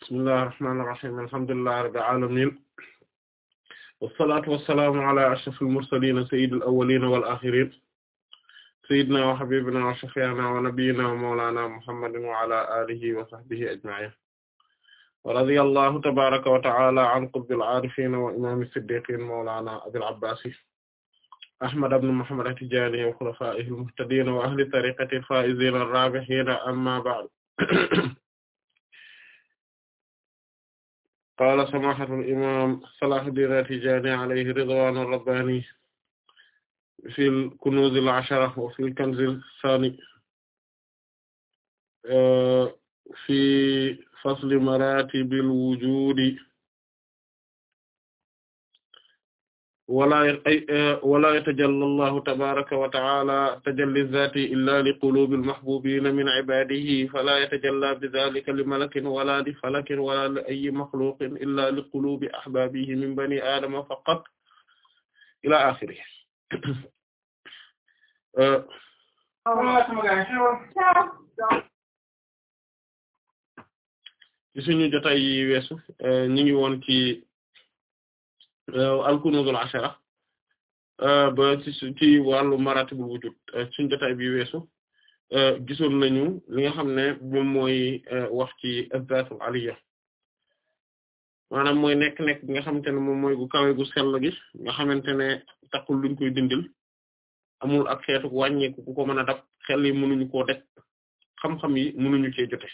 bismillahir rahmanir rahim alhamdulillahi rabbil alamin wassalatu wassalamu ala ashrafil mursalin sayyidil awwalin wal akhirin sayyidina wa habibina wa shafi'ina wa nabiyyina wa mawlana muhammadin wa ala alihi wa sahbihi ajma'in wa radiyallahu tabaraka wa ta'ala an qutbil arifin wa imam siddiqin mawlana abil abbasi ahmad ibn muhammad at-tijani wa khulafa'ihil muhtadin wa ahli tariqati al-faizin ar-rabihin amma ba'd qaala samaahatul imaam Salaahuddin At-Tijaani alayhi ridwaanu rabbaani fil kunuuzil ashara wa fil kanzil saani fi fasli maratibil wujuudi wala ay eh, wala yatajalla allahu tabaraka wa taala tajalli zaati illa li qulubi almahbubina min ibadihi fala yatajalla bidhalika li malakin wala li falakin wala li ayi maxluqin illa li qulubi ahbabihi min bani adama faqat ila axiri eh, ci suñu jotaay yi weesu eh, ñu ngi woon ci Euh, al-kunuzul ashara euh, ba ci ci wàllu maratibul wujud euh, suñu jotaay bi weesu gisoon nañu li nga xam ne moom mooy wax ci azzatul aliyya maanaam mooy nekk-nekk nga xamante ne moom mooy gu kawe gu sell gi nga xamante ne taxul luñ koy dindil amul ak xeetu wàññeeku ku ko mën a dab xel yi mënuñu koo xam-xam yi mënuñu cee jote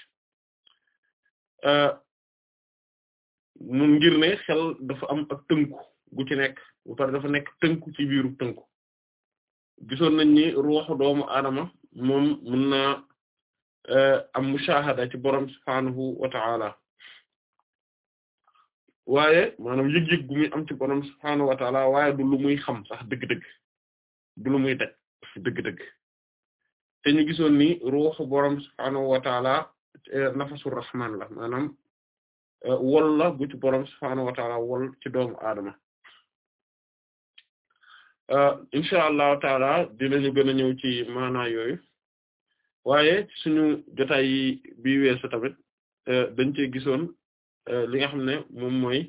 moom ngir xel dafa am ak tënku gu ci nekk bu pare dafa nekk tënku ci biiru tënku gisoon nañ ni ruuxu doomu aadama moom mën naa eh, am mushahada ci borom subhaanahu wa ta'ala waaye maanaam yëg am ci borom subhaanahu wa ta'ala du lu xam sax dëgg-dëgg du lu gisoon ni ruuxu borom subhaanahu wa ta'ala eh, nafasu rahmaan la maanaam walla bu ci borom subhaanahu wa wol ci doomu aadama euh, incha allahu taala dinañu gën a ñëw ci maanaa yooyu waaye suñu jotaay yi bii tamit euh, dañ cee gisoon euh, li nga xam ne moom mooy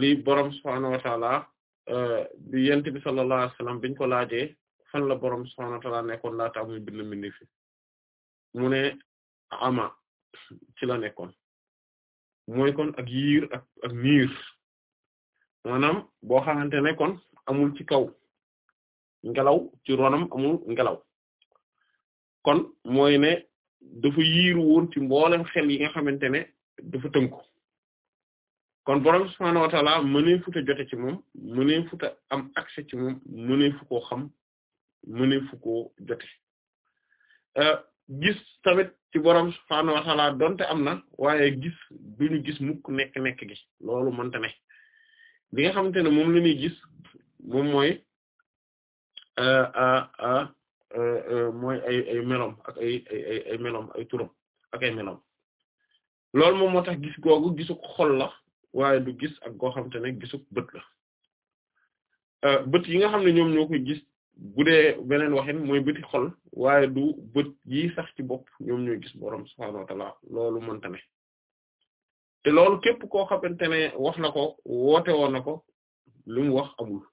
li borom subhaanahu wa taala bi yent bi biñ ko laajee fan la borom subhaanahu wa taala nekkoon laata muy bind mbindi fi mu ne ama ci la nekkoon mooy kon ak yiir ak ak niir maanaam boo xamante ne kon amul ci kaw ngelaw ci ronam amul ngelaw kon mooy ne dafa yiir woon ci mboolem xel yi nga xamante ne dafa tënku kon borom subhaanahu wa ta'ala futa jote ci moom mënee futa am accès ci moom mënee fu xam mënee fu koo jote euh, gis tamit ci borom subhaanahu wa ta'aala donte am na waaye gis duñu gis mukk nekk nekk gi loolu mënta ne li nga xamante ne moom la ñuy gis moom mooy euh, euh, euh, mooy ay ay melom ak ay ay ay melom ay turam ak ay melom loolu moom moo tax gis googu gisuk xol la waaye du gis ak goo xamante ne gisuk bët yi nga xam ne ñoom ñoo koy bu dee beneen waxin mooy bëti xol waaye du bët yi sax ci bopp ñoom ñooy gis borom subhaanahu wa ta'ala loolu mënta ne te loolu képp koo xamante ne wax na ko woote woon na ko lu mu wax amul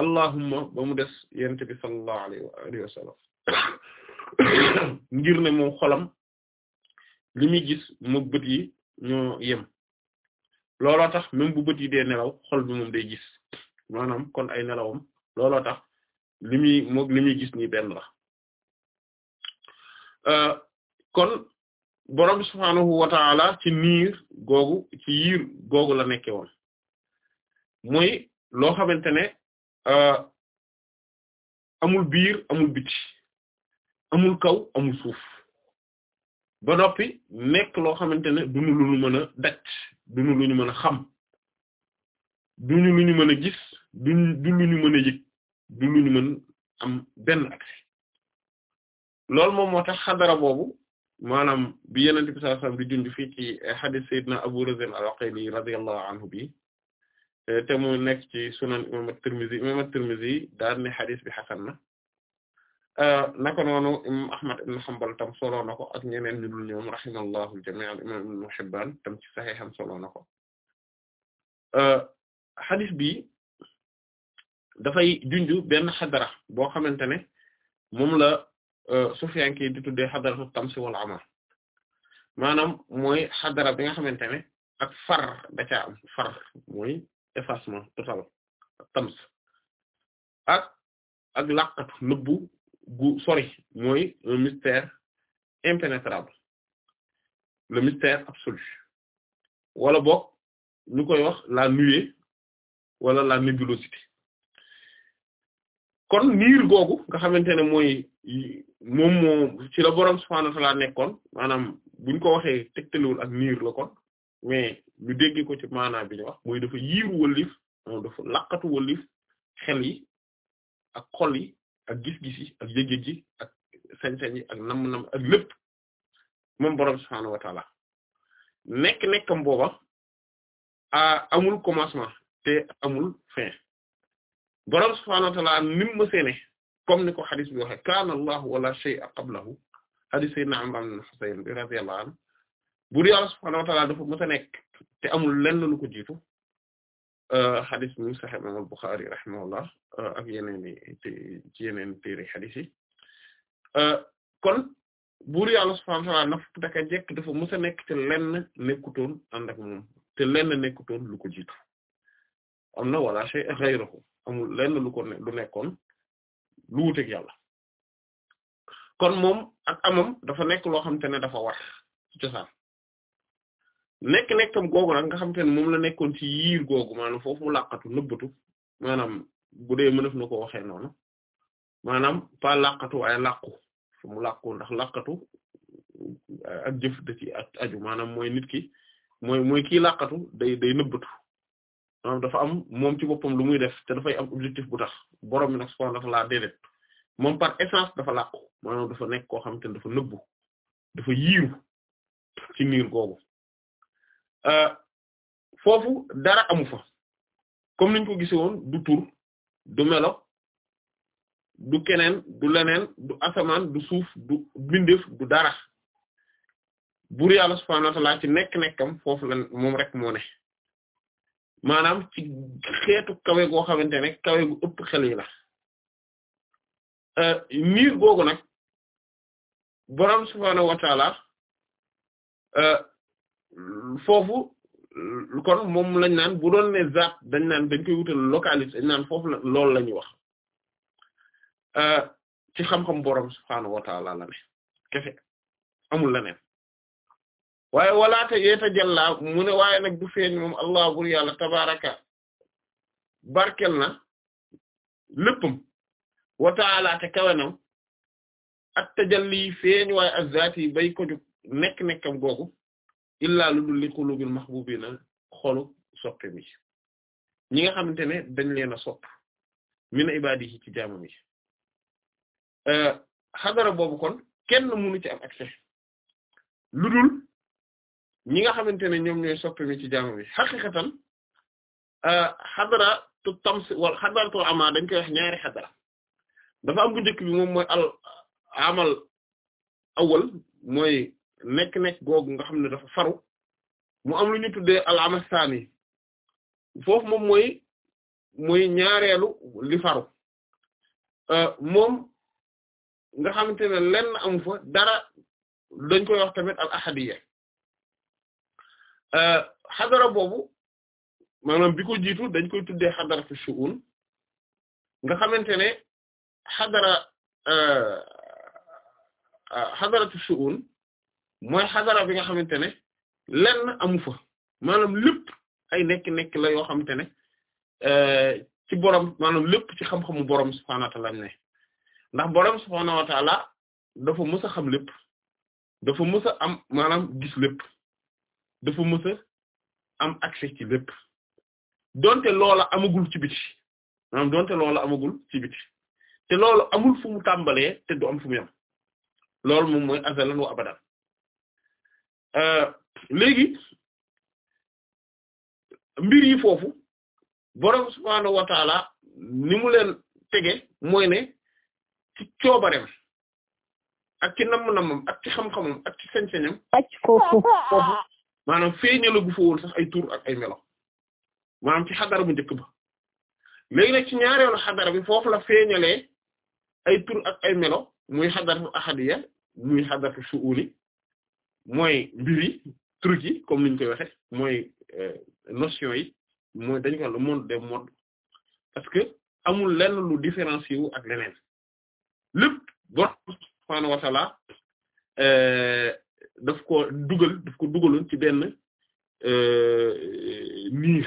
allahumma ba mu des yent bi sallallahu alayhi wa sallam ngir ne moom xolam li muy gis moog bët yi ñoo yem looloo tax même bu bët yi dee nelaw xol bi moom day gis maanaam kon ay nelawam looloo tax li muy moog li muy gis ni benn la euh, kon borom subhaanahu wa taala ci niir googu ci yiir googu la nekke woon mooy loo xamante ne euh, amul biir amul biti amul kaw amul suuf ba noppi nekk loo xamante ne duñu lu ñu mën a daj lu ñu mën a xam duñu lu ñu mën a gis duñu du lu ñu mën a du lu ñu mën am benn accès loolu moom moo tax xadara boobu maanaam bi yenente bi sallallahu alayhi wasallam di junj fii ci hadith Seydina Abu Razin al-Aqili radiyallahu anhu bi te mu nekk ci sunan imam at-Tirmidhi imam at daal ne hadith bi xasan na euh, naka noonu imam Ahmad ibn Hanbal tam solo na ko ak ñeneen ñu dul ñoom rahimallahu al-jami' al-imam Ibn Hibban tam ci sahiham solo na ko euh, hadith bi dafay junju benn xadara boo xamante ne moom la euh, Sufyaan ki di tuddee xadaratu tamsi wal amal maanaam mooy xadara bi nga xamante ne ak far da am far mooy effacement total tams ak ak laqatu nëbbu gu sori mooy un mystère impénétrable le mystère absolu wala boog ñu wax la nuée wala la nébulosité kon niir googu nga xamante ne mooy moom moo ci la boroom subhaanahu wa ta'aala nekkoon maanaam buñ ko waxee tegtalewul ak niir la kon mais ñu dégg ko ci maanaam bi ñu wax mooy dafa yiiru wëllif dafa laqatu wëllif xel yi ak xol yi ak gis-gis yi ak yëg-yëg yi ak sañ yi ak nam-nam ak lépp moom boroom subhaanahu wa ta'aala nekk nekkam booba a amul commencement te amul fin borom subhaanahu wa ta'aala nim ma comme ni ko xadis bi waxe kaana Allahu wala shay'a qablahu xadis sayyidina Imraan dafa mës a nekk te amul lenn lu ko jiitu euh, xadis bi Sahih Imam al-Bukhari rahimahullah euh, ak yeneen i ci yeneen téere euh, kon buur yàlla subhaanahu naf daka jekk dafa mës nekk te lenn nekkutoon ànd ak te lenn nekkutoon lu am na wala shay'a ghayruhu amul lenn lu ko lu nekkoon lu wuteeg yàlla kon moom ak amam dafa nekk loo xamante ne dafa war ci cosaan nekk nekkam googu nag nga xamante ne moom la nekkoon ci yiir foofu mu làqatu nëbbatu maanaam bu dee mënef ko waxee noonu maanaam pas làqatu waaye làqu fu mu làqu ndax làqatu ak jëf da aju maanaam mooy nit ki mooy mooy kii làqatu day day nëbbatu maanaam dafa am moom ci boppam lu muy def te dafay am objectif bu tax borom mi nag subhaanahu la ta'aala déedéet moom par essence dafa làqu maanaam dafa nekk koo xamante ne dafa nëbbu dafa yiiru ci niir googu euh, foofu dara amu fa comme niñ ko gisee woon du tur du melo du keneen du leneen du asamaan du suuf du bindeef du dara buur yàlla subhaanahu wa ta'aala ci nekk-nekkam foofu la rek moo maanaam ci xeetu kawe goo xamante ne kawe gu ëpp xel yi la niir euh, googu nag borom subhaanahu wa euh, kon moom lañ naan bu doon ne zaat dañ naan dañ koy wutal localité dañ naan foofu la loolu la ñuy wax euh, ci xam-xam borom subhaanahu wa taala la ne kese amul waaye walaata yeeta jàllaa mu ne waaye nag du feeñ moom allah bur yàlla tabaraka barkel na léppam wa kawenam at tajalli feeñ waaye azzaat yi bay ko jug nekk-nekkam googu illaa lu dul li qulubil xolu soppe mi nga xamante ne dañ leen a sopp mina ibadihi ci jaamam yi eh, xadara boobu kon ci am accès lu ñi nga xamante ne ñoom ñooy soppe mi ci jaamu bi xaqiqatan euh, xadara tu tams wala xadaratul ama dañ koy wax ñaari xadara dafa am bu njëkk bi moom mooy al amal awal mooy nekk-nekk googu nga xam ne dafa faru mu am lu ñu tuddee al amal saani foofu moom mooy mooy ñaareelu li faru euh, moom nga xamante ne lenn am fa dara dañ koy wax tamit al ahadiya Euh, xadara boobu maanaam bi ko jiitu dañ koy tuddee xadaratu shu'un nga xamante ne xadara euh, euh, xadaratu shu'un mooy xadara bi nga xamante ne lenn amu fa maanaam lépp ay nekki nekk la yoo xamante ne ci borom maanaam lépp ci xam-xamu borom subhaanahu wa ta'ala ne ndax borom subhaanahu wa ta'ala dafa mës xam lépp dafa mës am maanaam gis lépp. dafa mës a am accès ci lépp donte loola amagul ci biti maanaam donte loola amagul ci biti te loolu amul fu mu tàmbalee te du am fu yam loolu moom mooy azalan wa abadan euh, léegi mbir yi bo borom subhaanahu wa taala leen tege mooy ne ci coobareem ak ci namm-nammam ak xam-xamam ak ci sañ-sañam. foofu foofu maanaam feeñalagu fa woon sax ay tur ak ay melo maanaam ci xadara bu njëkk ba léegi nag ci ñaareelu xadara bi foofu la feeñalee ay tur ak ay melo muy xadaratu ahadiya muy xadaratu suuli mooy mbiri truc yi comme niñ koy waxe mooy euh, notion yi mooy dañu ko le monde des modes parce que amul lenn lu différencier wu ak leneen lépp borom subhaanahu wa ta'ala euh, daf ko dugal daf ko dugaloon ci benn euh, niir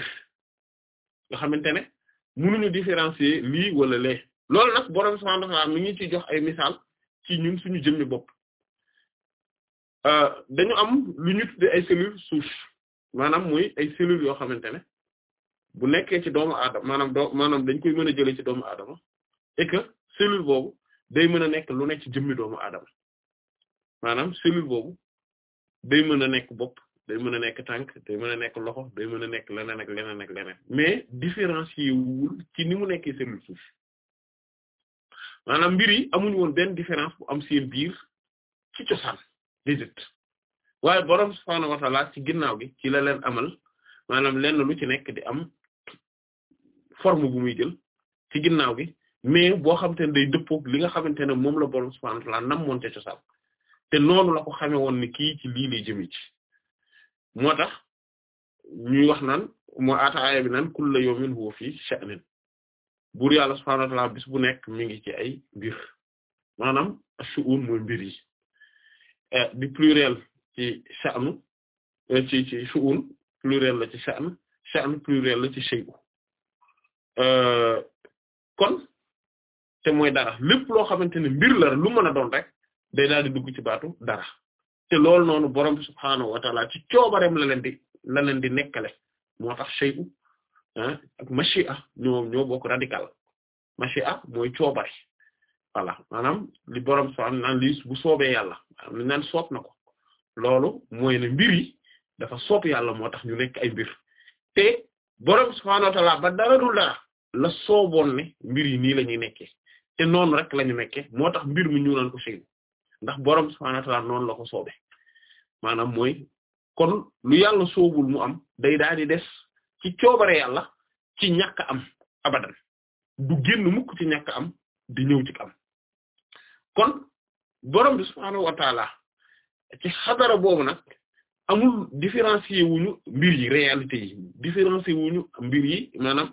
nga xamante ne mënuñu différencier lii wala le loolu nag borom subhaanahu wa ta'aala mi ngi ciy jox ay misaal ci ñun suñu jëmmi bopp euh, dañu am lu ñu tuddee ay cellules souches maanaam mooy ay cellules yoo xamante ne bu nekkee ci doomu aadama maanaam doo maanaam dañ koy mën a jëlee ci doomu aadama et que cellule boobu day mën a nekk lu nekk ci jëmmi doomu aadama maanaam cellule boobu day mën a nekk bopp day mën a nekk tànk day mën a nekk loxo day mën a nekk leneen ak leneen ak leneen mais différencier wul ci ni mu nekkee cellule souche maanaam mbir yi amuñu woon benn différence bu am seen biir ci cosaan déedéet waaye borom subhaanahu wa ta'aala ci ginnaaw gi ci la leen amal maanaam lenn lu ci nekk di am forme bu muy jël ci ginnaaw gi mais boo xamante ne day dëppook li nga xamante ne moom la borom subhaanahu wa ta'aala nam moonte cosaan te noonu la ko woon ne kii ci lii lay jëme moo tax ñuy wax naan moo aataaya bi naan kulla yawmin huwa fii sha'nin buur yàlla subhaanahu wa bis bu nekk mi ngi ci ay mbir maanaam shu'un mooy mbir yi eh, di pluriel ci sha'nu eh, ci ci shu'un pluriel la ci sha'n sha'n pluriel la ci shay'u eh, kon te mooy dara lépp loo xamante ne mbir la mën a doon rek day daal di dugg ci baatu dara te loolu noonu borom bi subhaanahu wa taala ci la leen di la leen di nekkale moo tax shay'u ah ak mashi'a ñoo ñoo bokk radical a mooy coobare voilà maanaam li borom subhaanahu naan li bu soobee yàlla maanaam li naan soob na ko loolu mooy ne mbir dafa soob yàlla moo tax ñu nekk ay mbir te borom subhaanahu wa ba dara dul dara la sooboon ne mbir yi nii la ñuy nekkee te noonu rek la ñu nekkee moo tax mbir mi ñu naan ko shay'u ndax borom subhaanahu wa noonu la ko soobe maanaam mooy kon lu yàlla soobul mu am day daal di des ci coobare yàlla ci ñàkk am abadan du génn mukk ci ñàkk am di ñëw ci am kon borom bi subhaanahu ci xadara boobu nag amul différencier wuñu mbir yi réalité yi différencier wuñu mbir yi maanaam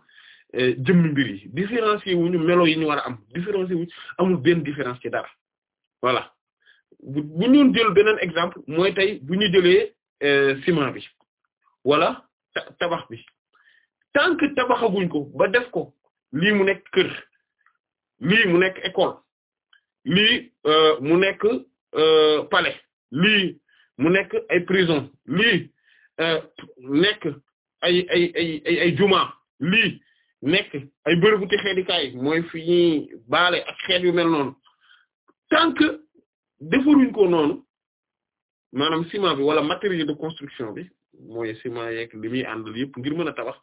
eh, jëmm mbir yi différencier wuñu melo yi ñu war a am différencier amul benn différence ci dara voilà bu bu ñu jël beneen exemple mooy tey bu ñu jëlee euh, ciment bi wala tabax bi tant que tabaxaguñ ko ba def ko lii mu nekk kër lii mu nekk école lii euh, mu nekk euh, palais lii mu nekk ay prison lii nekk ay ay ay ay juma lii nekk ay bërëbu ci xeedikaay mooy fi ñuy baale ak xeet yu mel noonu defaruñ ko noonu maanaam ciment bi wala matériel de construction bi mooy ciment yeeg li muy àndal yëpp ngir mën a tabax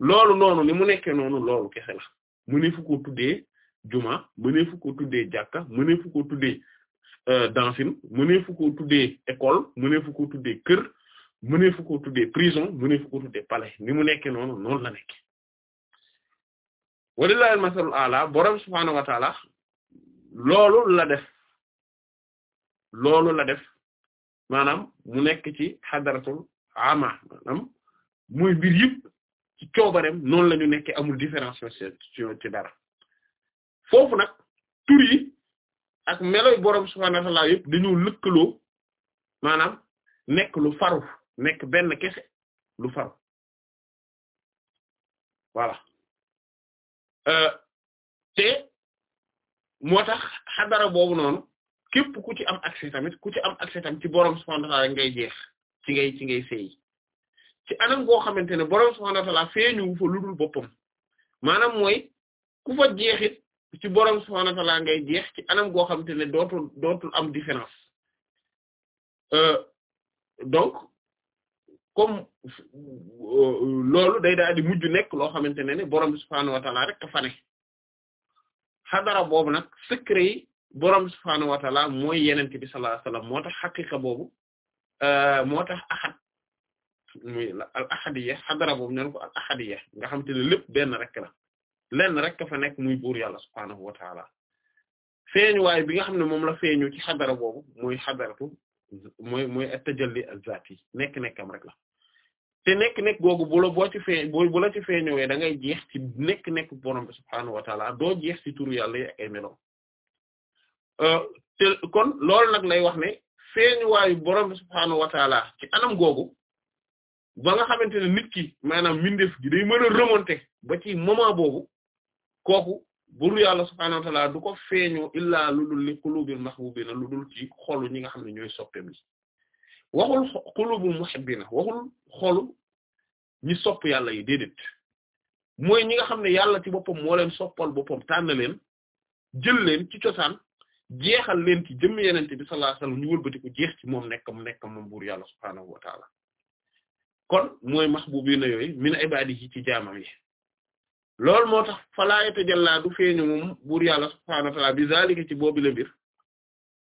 loolu noonu ni mu nekkee noonu loolu kese la mëneefu koo tuddee juma mëneefu koo tuddee jàkka mëneefu koo tuddee euh, dancing mëneefu koo tuddee école mëneefu koo tuddee kër mëneefu koo tuddee prison mëneefu koo tuddee palais ni mu nekkee noonu noonu la nekk walillahi al masalul ala borom subhaanahu wa taala loolu la def loolu la def maanaam mu nekk ci xadaratul ama maanaam muy mbir yëpp ci coobareem noonu la ñu nekkee amul différenciation ci dara foofu nag tur ak meloy borom subhaanahu wa ta'aala yëpp dañoo lëkkaloo maanaam nekk lu faru nekk benn kese lu faru voilà euh, te moo tax xadara boobu noonu képp ku ci am accès ku ci am accès tamit ci borom subhanahu wa ta'ala ngay jeex ci ngay ci ngay seey ci anam goo xamante ne borom subhanahu wa ta'ala feeñu fa ludul boppam maanaam mooy ku fa jeexit ci borom subhanahu wa ta'ala ngay jeex ci anam goo xamante ne dootul dootul am différence euh, donc comme euh, loolu day daal di mujj nekk loo xamante ne ne borom subhanahu wa ta'ala rek ka fa ne xadara boobu nag secret yi. borom subhaanahu wa mooy yenente bi sallallahu alayhi wasallam moo tax xaqiqa boobu euh, moo tax axad muy al axadiya xadara boobu neen nga xam te ne lépp rek la lenn rek ka fa nekk muy buur yàlla subhaanahu wa waaye bi nga xam ne moom la feeñu ci xadara boobu muy xadaratu mooy mooy at-tajalli az-zati nekk nekkam rek la te nekk nekk googu bu boo ci feeñ bu la da ngay jeex ci nekk nekk borom bi subhaanahu doo jeex ci turu yàlla yi ay meloom te kon loolu nag lay wax ne feeñuwaayu borom subhaanahu wa ci anam googu ba nga xamante ne nit ki maanaam mindeef gi day mën a remonter ba moment boobu kooku bur yàlla subhaanahu wa taala du ko feeñoo illaa lu dul li qulubil mahbubina lu dul ci xolu ñi nga xam ne ñooy soppeem yi waxul qulubul muhibbina waxul xolu ñi sopp yàlla yi déedéet mooy ñi nga xam ne yàlla ci boppam moo leen soppal boppam tànn leen jël leen ci cosaan jeexal leen ci jëmm yenente bi sallallahu alayhi wasallam ñu wëlbati ko jeex ci moom nekk mu nekk moom buur yàlla subhaanahu wa taala kon mooy mahbubina yooyu min ibadihi ci jaamam yi loolu moo tax falaa yatajalla du feeñu moom buur yàlla subhaanahu wa taala bi zalika ci boobi la mbir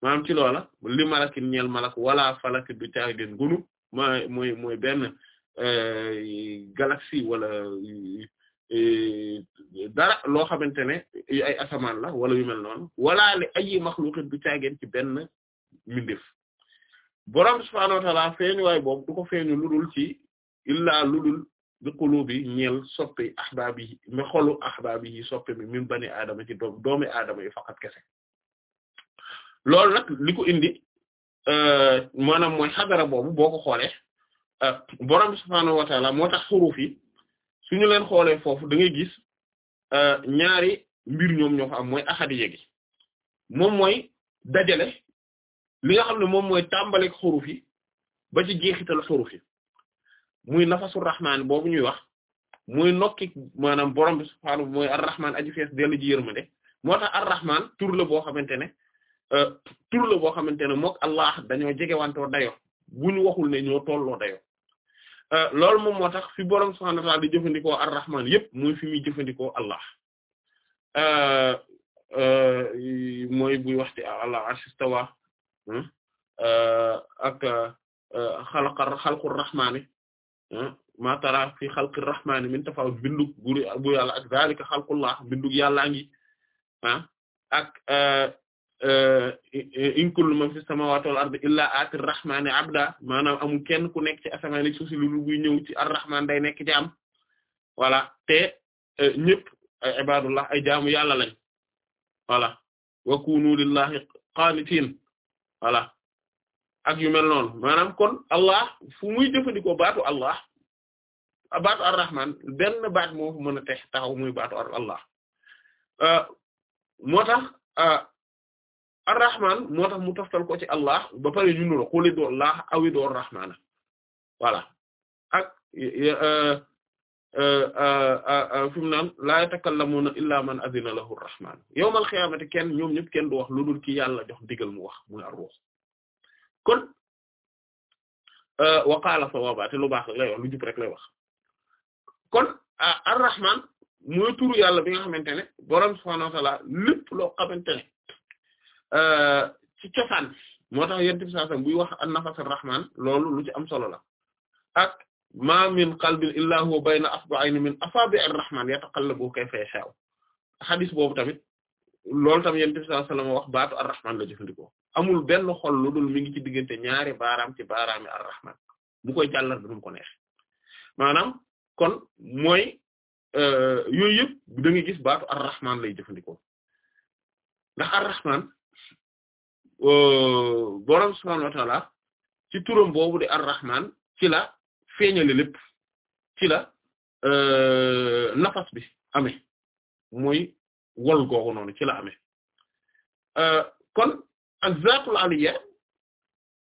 maanaam ci loola li malakin ñeel malak wala falak du caay den gunu ma mooy mooy benn euh, wala Eh, dara loo xamante ne ay asamaan la wala yu mel noonu wala li ay maxluqin du caageen ci benn mbindeef borom subhaanahu wa ta'aala waay boobu du ko feeñu ludul ci illaa ludul bi qulubi ñeel soppi ahbaab yi mi xolu ahbaab yi soppi mi min bani aadama ci doom doomi aadama yi faqat kese loolu nag li ko indi eh, maanaam mooy xadara boobu boo ko xoolee eh, borom subhaanahu wa ta'aala moo tax xuruuf yi. suñu leen xoolee foofu da ngay gis euh, ñaari mbir ñoom ñoo fa am mooy axadiya gi moom mooy dajale li nga xam ne moom mooy tàmbaleeg xuruf yi ba ci jeexital xuruf yi muy nafasu rahmaan boobu ñuy wax muy nokki maanaam borom bi subhaanahu mooy ar-rahmaan aji fees dellu ji yërmande moo tax ar-rahmaan tur la boo xamante ne euh, tur la boo xamante ne mook Allah dañoo jegewantoo dayo bu ñu waxul ne ñoo tolloo dayo Euh, loolu moom moo tax fi borom subhaanahu wa ta'aala di jëfandikoo ar-rahmaan yëpp mooy fi muy jëfandikoo allah euh, euh, mooy buy waxti allah arshi istawa hmm? ak xalqa xalqur hmm? tara fi xalqir rahmaani min tafawut bindug bu yàlla ak zaalika xalqullah bindug yàllaa ngi ah ak Euh, in kullu man fi samawati wal ardi illa ati rahmani abda maanaam amul kenn ku nekk ci asamaan yi suuf si lu buy ñëw ci ar-rahman day nekk ci am voilà te euh, ñëpp ay ibadullah ay jaamu yàlla lañ voilà wa kunu lillahi qanitin voilà ak yu mel noonu maanaam kon allah fu muy jëfandikoo baatu allah baatu ar-rahman benn baat moo fu mën a tex taxaw muy baatu allah euh, moo ar-rahman moo tax mu toftal ko ci allah ba pare ñu nuro xuli doo laax awi doo rahmaana voilà ak euh, euh, euh, fi mu naan laa yatakallamuuna illaa man adina lahu rahmaan yawmal qiyaamati kenn ñoom ñëpp kenn du wax lu dul ki yàlla jox digal mu wax muy ar-ruh kon wa qaala te lu baax lay wax lu jub rek lay wax kon ar-rahmaan mooy turu yàlla bi nga xamante ne boroom subhaanahu wa ta'aala lépp loo xamante ne ci cosaan moo tax yent bi sallallahu buy wax a nafas ar loolu lu ci am solo la ak ma min qalbin illa huwa bayna asba'ayn min asabi' ar-rahman yataqallabu kayfa yasha'u xadis boobu tamit loolu tam yent bi sallallahu alayhi wax baatu ar-rahman la jëfandikoo amul benn xol lu dul mi ngi ci diggante ñaari baaraam ci baaraami ar-rahman bu koy jàllar bi mu ko neex maanaam kon mooy euh, yooyu yëpp da nga gis baatu ar-rahman lay jëfandikoo ndax ar-rahman Euh, borom subhaanahu wa ci turam boobu di ar-Rahmaan ci la feeñale lépp ci la euh, nafas bi amee mooy wol googu noonu ci la amee euh, kon ak zaatul aliya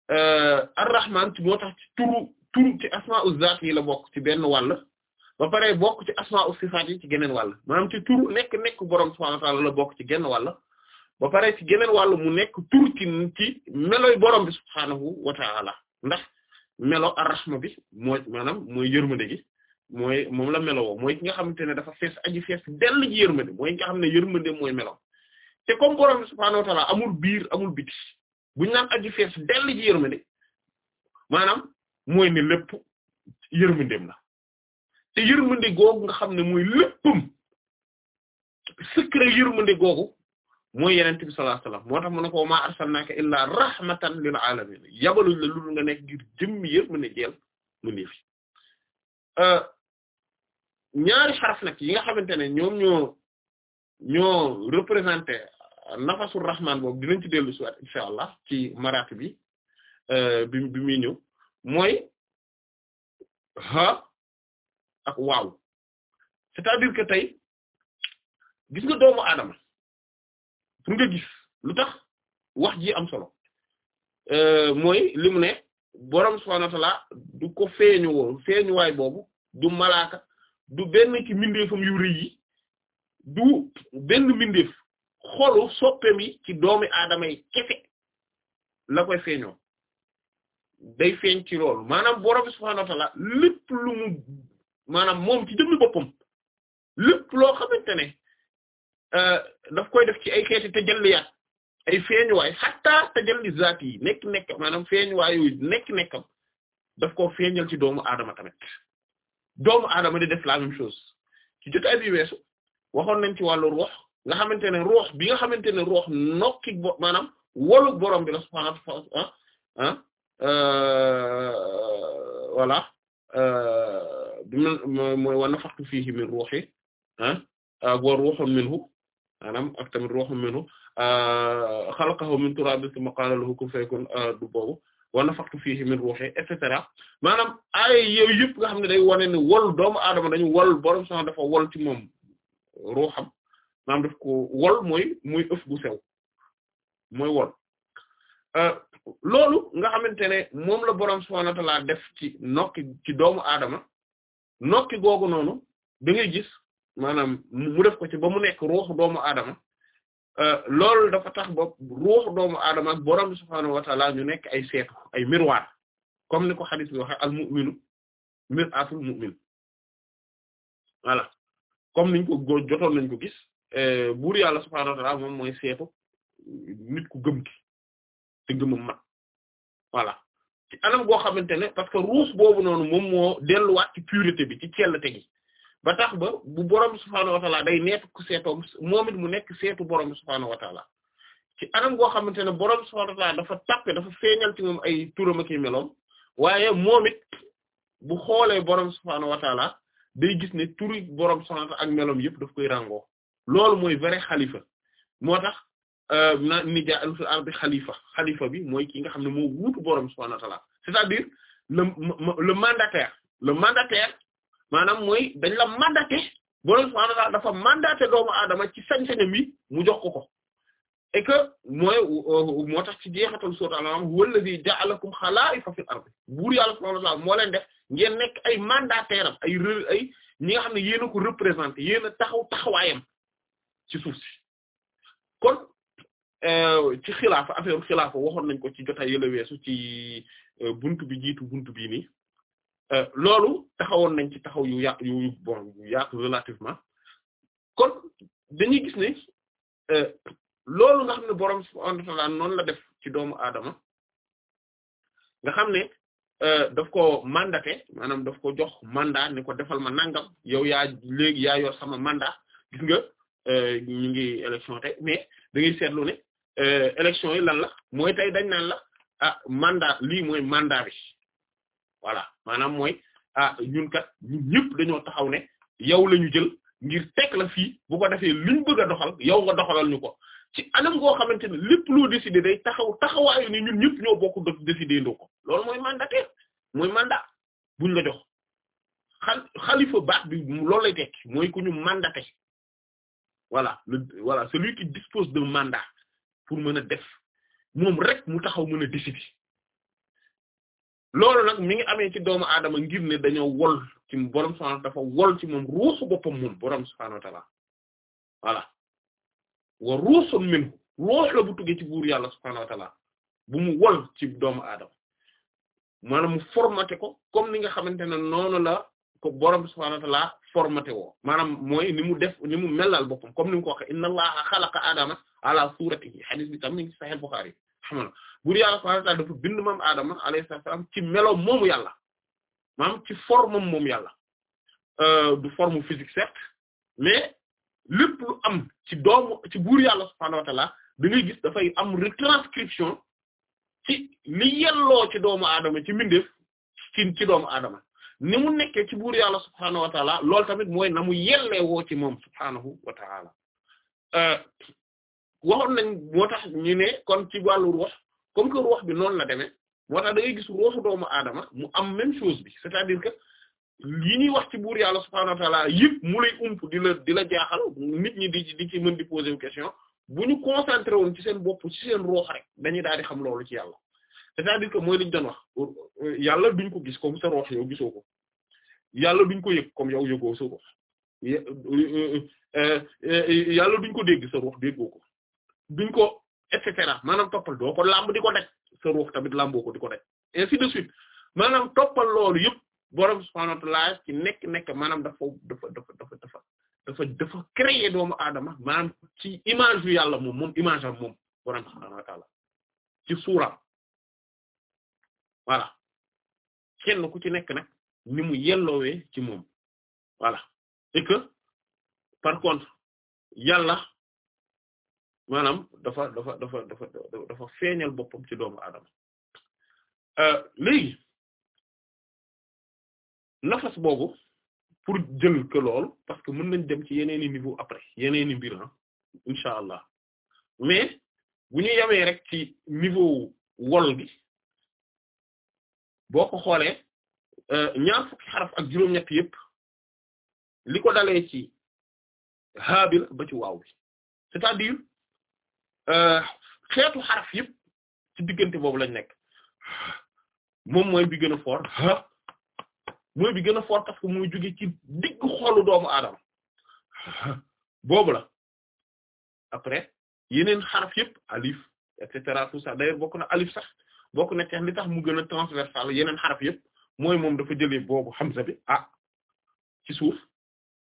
ar moo tax ci turu turu ci asmaa'u zaat la bokk ci benn wàll ba pare bokk ci asmaa'u sifaat yi ci geneen wàll maanaam ci turu nekk nekk borom subhaanahu la bokk ci genn wàll. ba pare ci geneen wàll mu nekk tur ci ci meloy borom bi subhaanahu wa ndax melo ar-rahma bi mooy maanaam mooy yërmande gi mooy moom la melowoo mooy ki nga xamante ne dafa fees aji fees dell ji yërmande mooy nga xam ne yërmande mooy melo te comme borom bi subhaanahu amul biir amul biti naan aji fees dell maanaam mooy ne lépp yërmandeem la te yërmande googu nga xam ne mooy léppam secret yërmande googu mooy yeneen bi sallallahu alayhi wasallam moo tax mu ne ko wa maa arsalnaaka illaa rahmatan lil aalamiin la lu nga nekk ngir jëmm yëpp mën mu ne fi euh, ñaari xaraf nag yi nga xamante ne ñoom ñoo ñoo représenté nafasu rahman boobu dinañ ci dellu si waat insha allah ci maraati bi euh, bi bi muy ha ak waaw cest tey gis nga doomu aadama pour nga gis lu tax wax ji am solo euh, mooy li mu ne borom subhaanahu wa ta'aala du ko feeñu woo feeñuwaay boobu du malaaka du benn ci mbindeefam yu rëy yi du benn mbindeef xolu soppeem yi ci doomi aadama yi kese la koy day feeñ ci loolu maanaam borom subhaanahu wa ta'aala lépp lu ci jëmmi boppam lépp loo xamante Euh, daf koy def ci ay xeeti tajalliyaat ay feeñuwaay hatta tajalli zaat yi nekk nekkam maanaam feeñuwaay yooyu nekk nekkam daf koo feeñal ci doomu aadama tamit doomu aadama di def la même chose ci jotaay bi weesu waxoon nañ ci wàllu ruux nga xamante ne ruux bi nga xamante ne ruux nokki bo maanaam woluk borom bi la subhaanahu wa ta'aala ah, ah, euh, voilà euh, mooy wa min ruuhi ah, maanaam ak tamit ruuhu minhu euh, xalaqahu min turabin summa qaala lahu kun fayakun euh, du boobu wa nafaxtu fiihi min ruuhi et cetera maanaam a yooyu yëpp nga xam ne day wane ne wol doomu aadama dañu wol borom sax dafa wol ci moom ruuxam maanaam daf ko wol mooy mooy ëf bu sew mooy wol euh, loolu nga xamante ne moom la borom subhaanahu wa ta'aala def ci nokki ci doomu aadama nokki googu noonu da gis. maanaam mu def ko ci ba mu nekk ruuxu doomu aadama euh, loolu dafa tax ba ruuxu doomu aadama ak borom subhaanahu wa ta'ala ñu nekk ay seetu ay miroir comme ni ko hadith bi waxe al mu'minu mir'atul mu'min voilà comme niñ ko jotoon nañ ko gis euh, buur yàlla subhaanahu wa ta'ala moom mooy seetu nit ku gëm ki te gëmam mat voilà anam goo xamante ne parce que ruux boobu noonu moom moo delluwaat ci pureté bi ci cellte gi ba tax ba bu borom subhaanahu wa taala day nekk ku seetoom moom mu nekk seetu borom subhaanahu wa taala ci anam goo xamante ne borom subhaanahu wa dafa tàppe dafa feeñal ci moom ay turam ak meloom waaye moom bu xoolee borom subhaanahu watala taala day gis ne turi borom subhaanahu ak meloom yëpp daf koy ràngoo loolu mooy vrai xalifa moo tax euh, na ni jaa'ilun fil xalifa xalifa bi mooy ki nga xam ne moo wuutu borom subhaanahu wa taala c'est-à-dire le le mandataire le maanaam mooy dañ la mandaté borom subhaanahu dafa mandaté doomu aadama ci sañ-sañam yi mu jox ko ko et que mooy euh, moo tax ci jeexatal sourate al-An'am huwa alladhi ja'alakum xalaa'ifa fil ard buur yàlla subhaanahu moo leen def ngeen nekk ay mandataire am ay ay ñi nga xam ne yéen a ko représenté yéen a taxaw taxawaayam ci suuf si kon euh, ci xilaafa affaire xilaafa waxoon nañ ko ci jotaay yële weesu ci euh, buntu bi jiitu buntu bii nii. Euh, loolu taxawoon nañ ci taxaw yu yàq yu bon yu yàq relativement kon dañuy gis ne euh, loolu nga xam ne boroom subhaanahu wa noonu la def ci doomu aadama nga xam ne euh, daf ko mandaté maanaam daf ko jox mandat ne ko defal ma nangam yow ya léegi yaa yor sama mandat gis nga ngi élection tey mais da ngay élection yi lan la mooy tey dañ naan la a ah, manda lii mooy mandat bi voilà maanaam mooy ah ñun kat ñun ñëpp dañoo taxaw ne yow la ñu jël ngir teg la fii bu ko defee liñ bëgg doxal yow nga doxalal ñu ko ci anam goo xamante ne lépp loo décider day taxaw taxawaayu ni ñun ñëpp ñoo bokk def décider ndoo ko loolu mooy mandataire mooy mandat buñ la jox xal xalifa baax bi loolu lay tekki mooy ku ñu mandaté voilà le voilà celui qui dispose d'un mandat pour mën a def moom rek mu taxaw mën a décider loolu nag mi ngi amee ci doomu aadama ngir ne dañoo wol ci borom subhaanahu dafa wol ci moom boppam moom borom subhaanahu wa ta'aala voilà wa bu tuggee ci buur yàlla subhaanahu wa ta'aala mu wol ci doomu aadama maanaam mu formaté ko comme ni nga xamante ne noonu la ko borom subhaanahu wa ta'aala maanaam mooy ni mu def ni mu melal boppam comme ni mu ko waxee inna allaha xalaqa aadama ala suratihi hadith bi tam mi ngi xam nga buur yàlla subhaanahu wa ta'aala dafa bind moom aadama alayhi salaam ci melo moomu yàlla maanaam ci forme moom yàlla euh, du forme physique certes mais lépp lu am ci doomu ci buur yàlla subhaanahu wa ta'aala da ngay gis dafay am retranscription ci li yelloo ci doomu aadama ci mbindeef ci doomu aadama ni mu nekkee ci buur yàlla subhaanahu wa ta'aala tamit mooy na mu yellee woo ci moom subhaanahu wa ta'aala euh, waxoon nañ moo tax ñu ne kon ci wàllu ruux comme que ruux bi noonu la demee moo tax da ngay gis ruuxu doomu aadama mu am même chose bi c'est-à-dire que yi ñuy wax ci buur yàlla subhaanahu wa ta'ala yëpp mu lay ump di la di la jaaxal nit ñi di di ci mën di poser question bu ñu concentré woon ci seen bopp ci seen ruux rek dañuy daal di xam loolu ci yàlla c'est-à-dire que mooy liñ doon wax euh, yàlla duñ ko gis comme sa ruux yow gisoo ko yàlla duñ ko yëg comme yow yëgoo sa euh, euh, yàlla duñ ko dégg sa ruux déggoo ko duñ ko et cetera maanaam toppal doo ko làmb di ko daj sa tamit làmboo ko di ko daj ainsi de suite maanaam toppal loolu yëpp borom subhaanahu wa ta'aala ci nekk nekk maanaam dafa dafa dafa créer doomu aadama maanaam ci image yu yàlla mom moom image am moom borom subhaanahu wa ta'aala ci suura voilà kenn ku ci nekk nag ni mu ci moom voilà et que par contre yàlla maanaam dafa dafa dafa dafa dafa feeñal boppam ci doomu aadama euh, léegi nafas boobu pour jël que lool parce que mën nañ dem ci yeneeni niveau après yeneeni mbir ah incha allah mais bu ñu yemee rek ci niveau wol gi boo ko xoolee euh, ñaar fukki xaraf ak juróom-ñett yëpp li ko dalee ci haabila ba ci waaw c'est-à-dire Euh, xeetu xaraf yëpp ci diggante boobu lañ nekk moom mooy bi gën a fort mooy bi gën a fort parce que muy jóge ci digg xolu doomu aadama boobu la après yeneen xaraf yëpp alif et tout ça d'ailleurs bokk na alif sax bokk na ci li tax mu gën a transversal yeneen xaraf yëpp mooy moom dafa jëlee boobu hamza bi ah ci suuf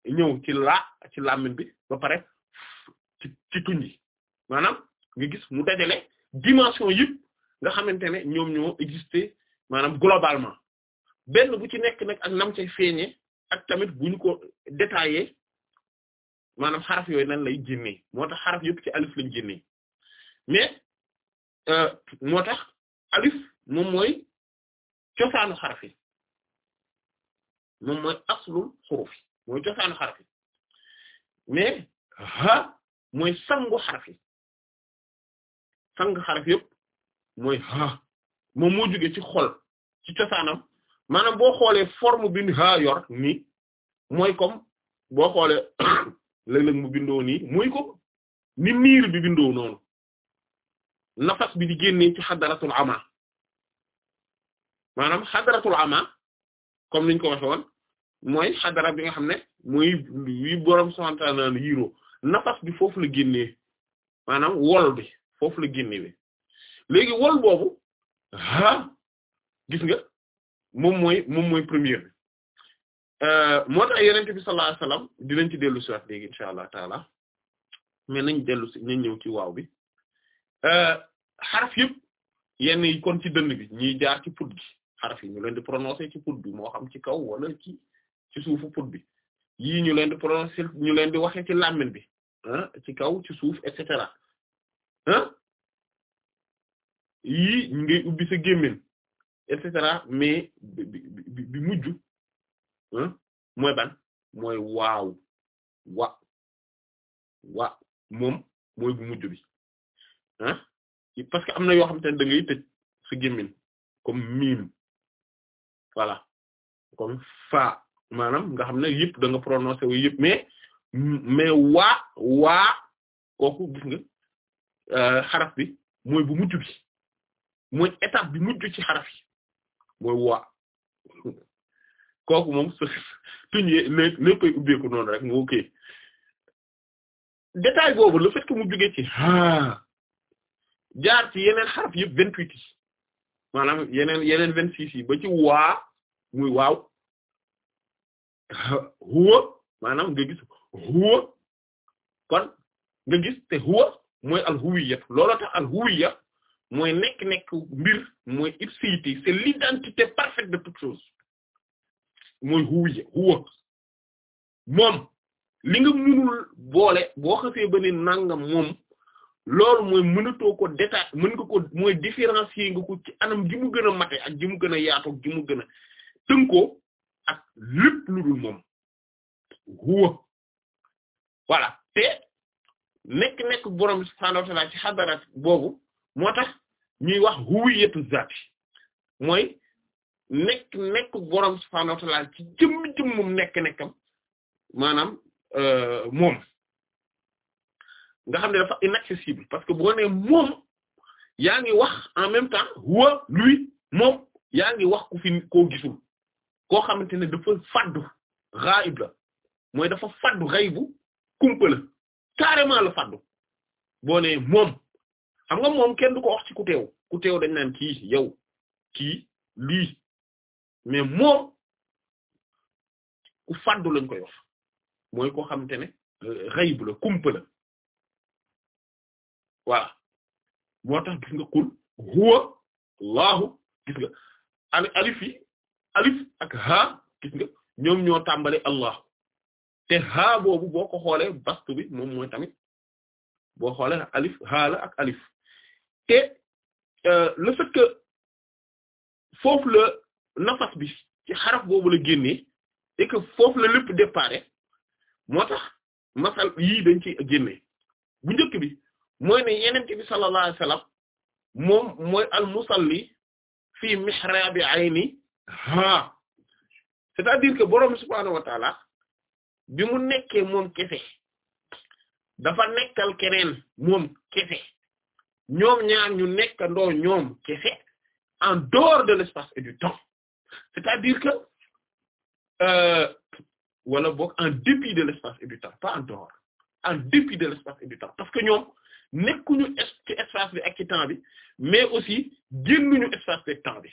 ñëw ci laa ci làmmiñ bi ba pare ci ci tuñ maanaam ngi gis mu dajale dimension yëpp nga xamante ne ñoom ñoo exister maanaam globalement benn bu ci nekk nag ak nam cay feeñee ak tamit bu ñu ko détaillé maanaam xaraf yooyu nan lay génnee moo tax xaraf yëpp ci alif lañ génnee mais euh, moo tax alif moom mooy cosaanu xaraf yi moom mooy aslul ha mooy sangu xaraf sang xaraf yëpp mooy ha moom moo jóge ci xool ci cosaanam maanaam boo xoolee forme mu bind ha yor nii mooy comme boo xoolee léeg-léeg mu bindoo nii muy ko ni niir bi bindoo noonu nafas bi di génnee ci xadaratul ama maanaam xadaratul ama comme niñ ko waxe mooy xadara bi nga xam ne mooy wi boroom subhanahu wa ta'ala nafas bi foofu la génnee maanaam wol bi foofu la génnewee léegi wol boobu ah gis nga moom mooy moom mooy première bi euh, moo tax yenente bi sallallahu alayhi wasallam dinañ ci dellu si léegi insha mais nañ dellu si ñëw ci waaw bi euh, xaraf yëpp yenn yi kon ci dënd bi ñuy jaar ci put gi xaraf yi ñu leen di prononcer ci put bi moo xam ci kaw wala ci ci suufu put bi yii ñu leen di prononcer ñu leen di waxee ci làmmiñ bi ah ci kaw ci suuf et cetera ah yii ñu ngay ubbi sa gémmiñ et mais bi bi mujj mooy ban mooy waaw wa wa moom mooy bu mujj bi ah parce que am na yoo xamante ne da ngay tëj sa gémmiñ comme miim voilà comme fa maanaam nga xam ne yëpp da prononcer wu yëpp mais mais waa waa kooku gis Euh, xaraf bi mooy bu mujj bi mooy étape bi mujj ci xaraf yi mooy kooku moom su tuñ lépp léppay ubbeeku noonu rek mu ok détail boobu le fait que mu jugee ci haa jaar ci yeneen xaraf yëpp vingt huit maanaam yeneen yeneen vingt six ba ci waa muy waaw huwa maanaam nga gis huwa kon nga gis te huwa mooy alhuwiya looloo tax alhuwiya mooy nekk-nekk mbir mooy ipséité c'est l'identité parfaite de toute chose mooy huwiya huwa moom li nga mënul boole boo xasee ba ne nangam moom loolu mooy mënatoo ko détail mën ko ko mooy différencier nga ko ci anam ji mu gën a mate ak ji mu gën a yaatu ak mu gën a ak lépp lu moom huwa voilà te nekk-nekk borom subhaanahu wa ta'aala ci xadarat boobu moo tax ñuy wax huwiyatu zaati mooy nekk-nekk borom nekk-nekkam maanaam euh, moom nga xam ne dafa inaccessible parce que boo moom yaa ngi wax en même temps huwa lui moom yaa ngi wax ku fi koo gisul koo xamante ne dafa faddu ghaib la mooy dafa faddu ghaibu kumpa la carrément la faddu boo ne moom nga moom kenn du ko wax ci ku teew ku teew dañ naan kii yow kii lii mais moom ku faddu lañ koy wax mooy ko xamante ne xayb euh, la kumpa la voilà moo tax gis nga kul huwa laahu gis nga alif yi alif ak ha gis nga ñoom ñoo tàmbale allah te ha boobu boo xoole xoolee bastu bi moom mooy tamit boo xoolee alif ha la ak alif te euh, le fait que la nafas bi ci xaraf boobu la génnee et que foofu la lépp départ moo tax masal yii dañ ci génnee bu njëkk bi mooy ne yeneen bi sallallahu alayhi wasallam moom mooy al fi mihrabi ayni ha c'est-à-dire que borom bi mu nekkee moom kese dafa nekkal keneen moom kese ñoom ñaar ñu nekkandoo ñoom kese en dehors de l'espace et du temps c'est-à-dire que euh, wala boog en dépit de l'espace et du temps pas en dehors en dépit de l'espace et du temps parce que ñoom nekkuñu espace bi ak ci temps bi mais aussi génnuñu espace bi ak temps bi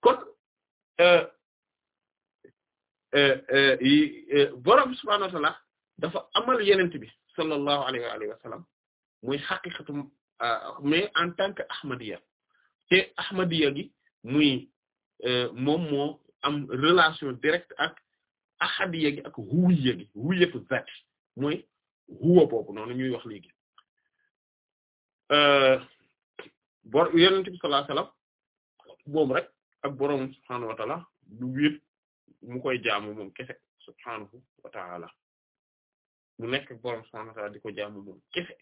kon euh, E, e, e, borom subhaanahu wa dafa amal yenen bi sallallahu alayhi wa sallam muy xaqiqatu mais en tant que te ahmadiyya gi muy moom moo am relation directe ak ahadiyya gi ak huwiyya gi huwiyyatu zaat mooy huwa boobu noonu ñuy wax léegi bor yenent bi sallallahu alayhi wa rek ak borom subhaanahu wa ta'aala du mu koy jaamu moom kese subhaanahu wa ta'ala mu nekk boroom subhaanahu wa di ko jaamu moom kese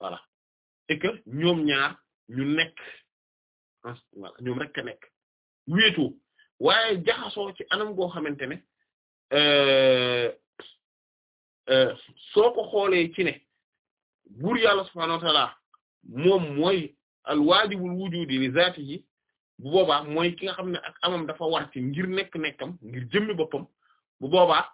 voilà et que ñoom ñaar ñu nekk ah, ñoom rek nekk wéetu waaye jaxasoo ci anam goo xamante ne euh, euh, soo ko xoolee ci ne buur yàlla subhaanahu wa ta'ala moom mooy al waajibul wujudi bu boobaa mooy ki nga xam ne ak amam dafa war ci ngir nekk nekkam ngir jëmmi boppam bu boobaa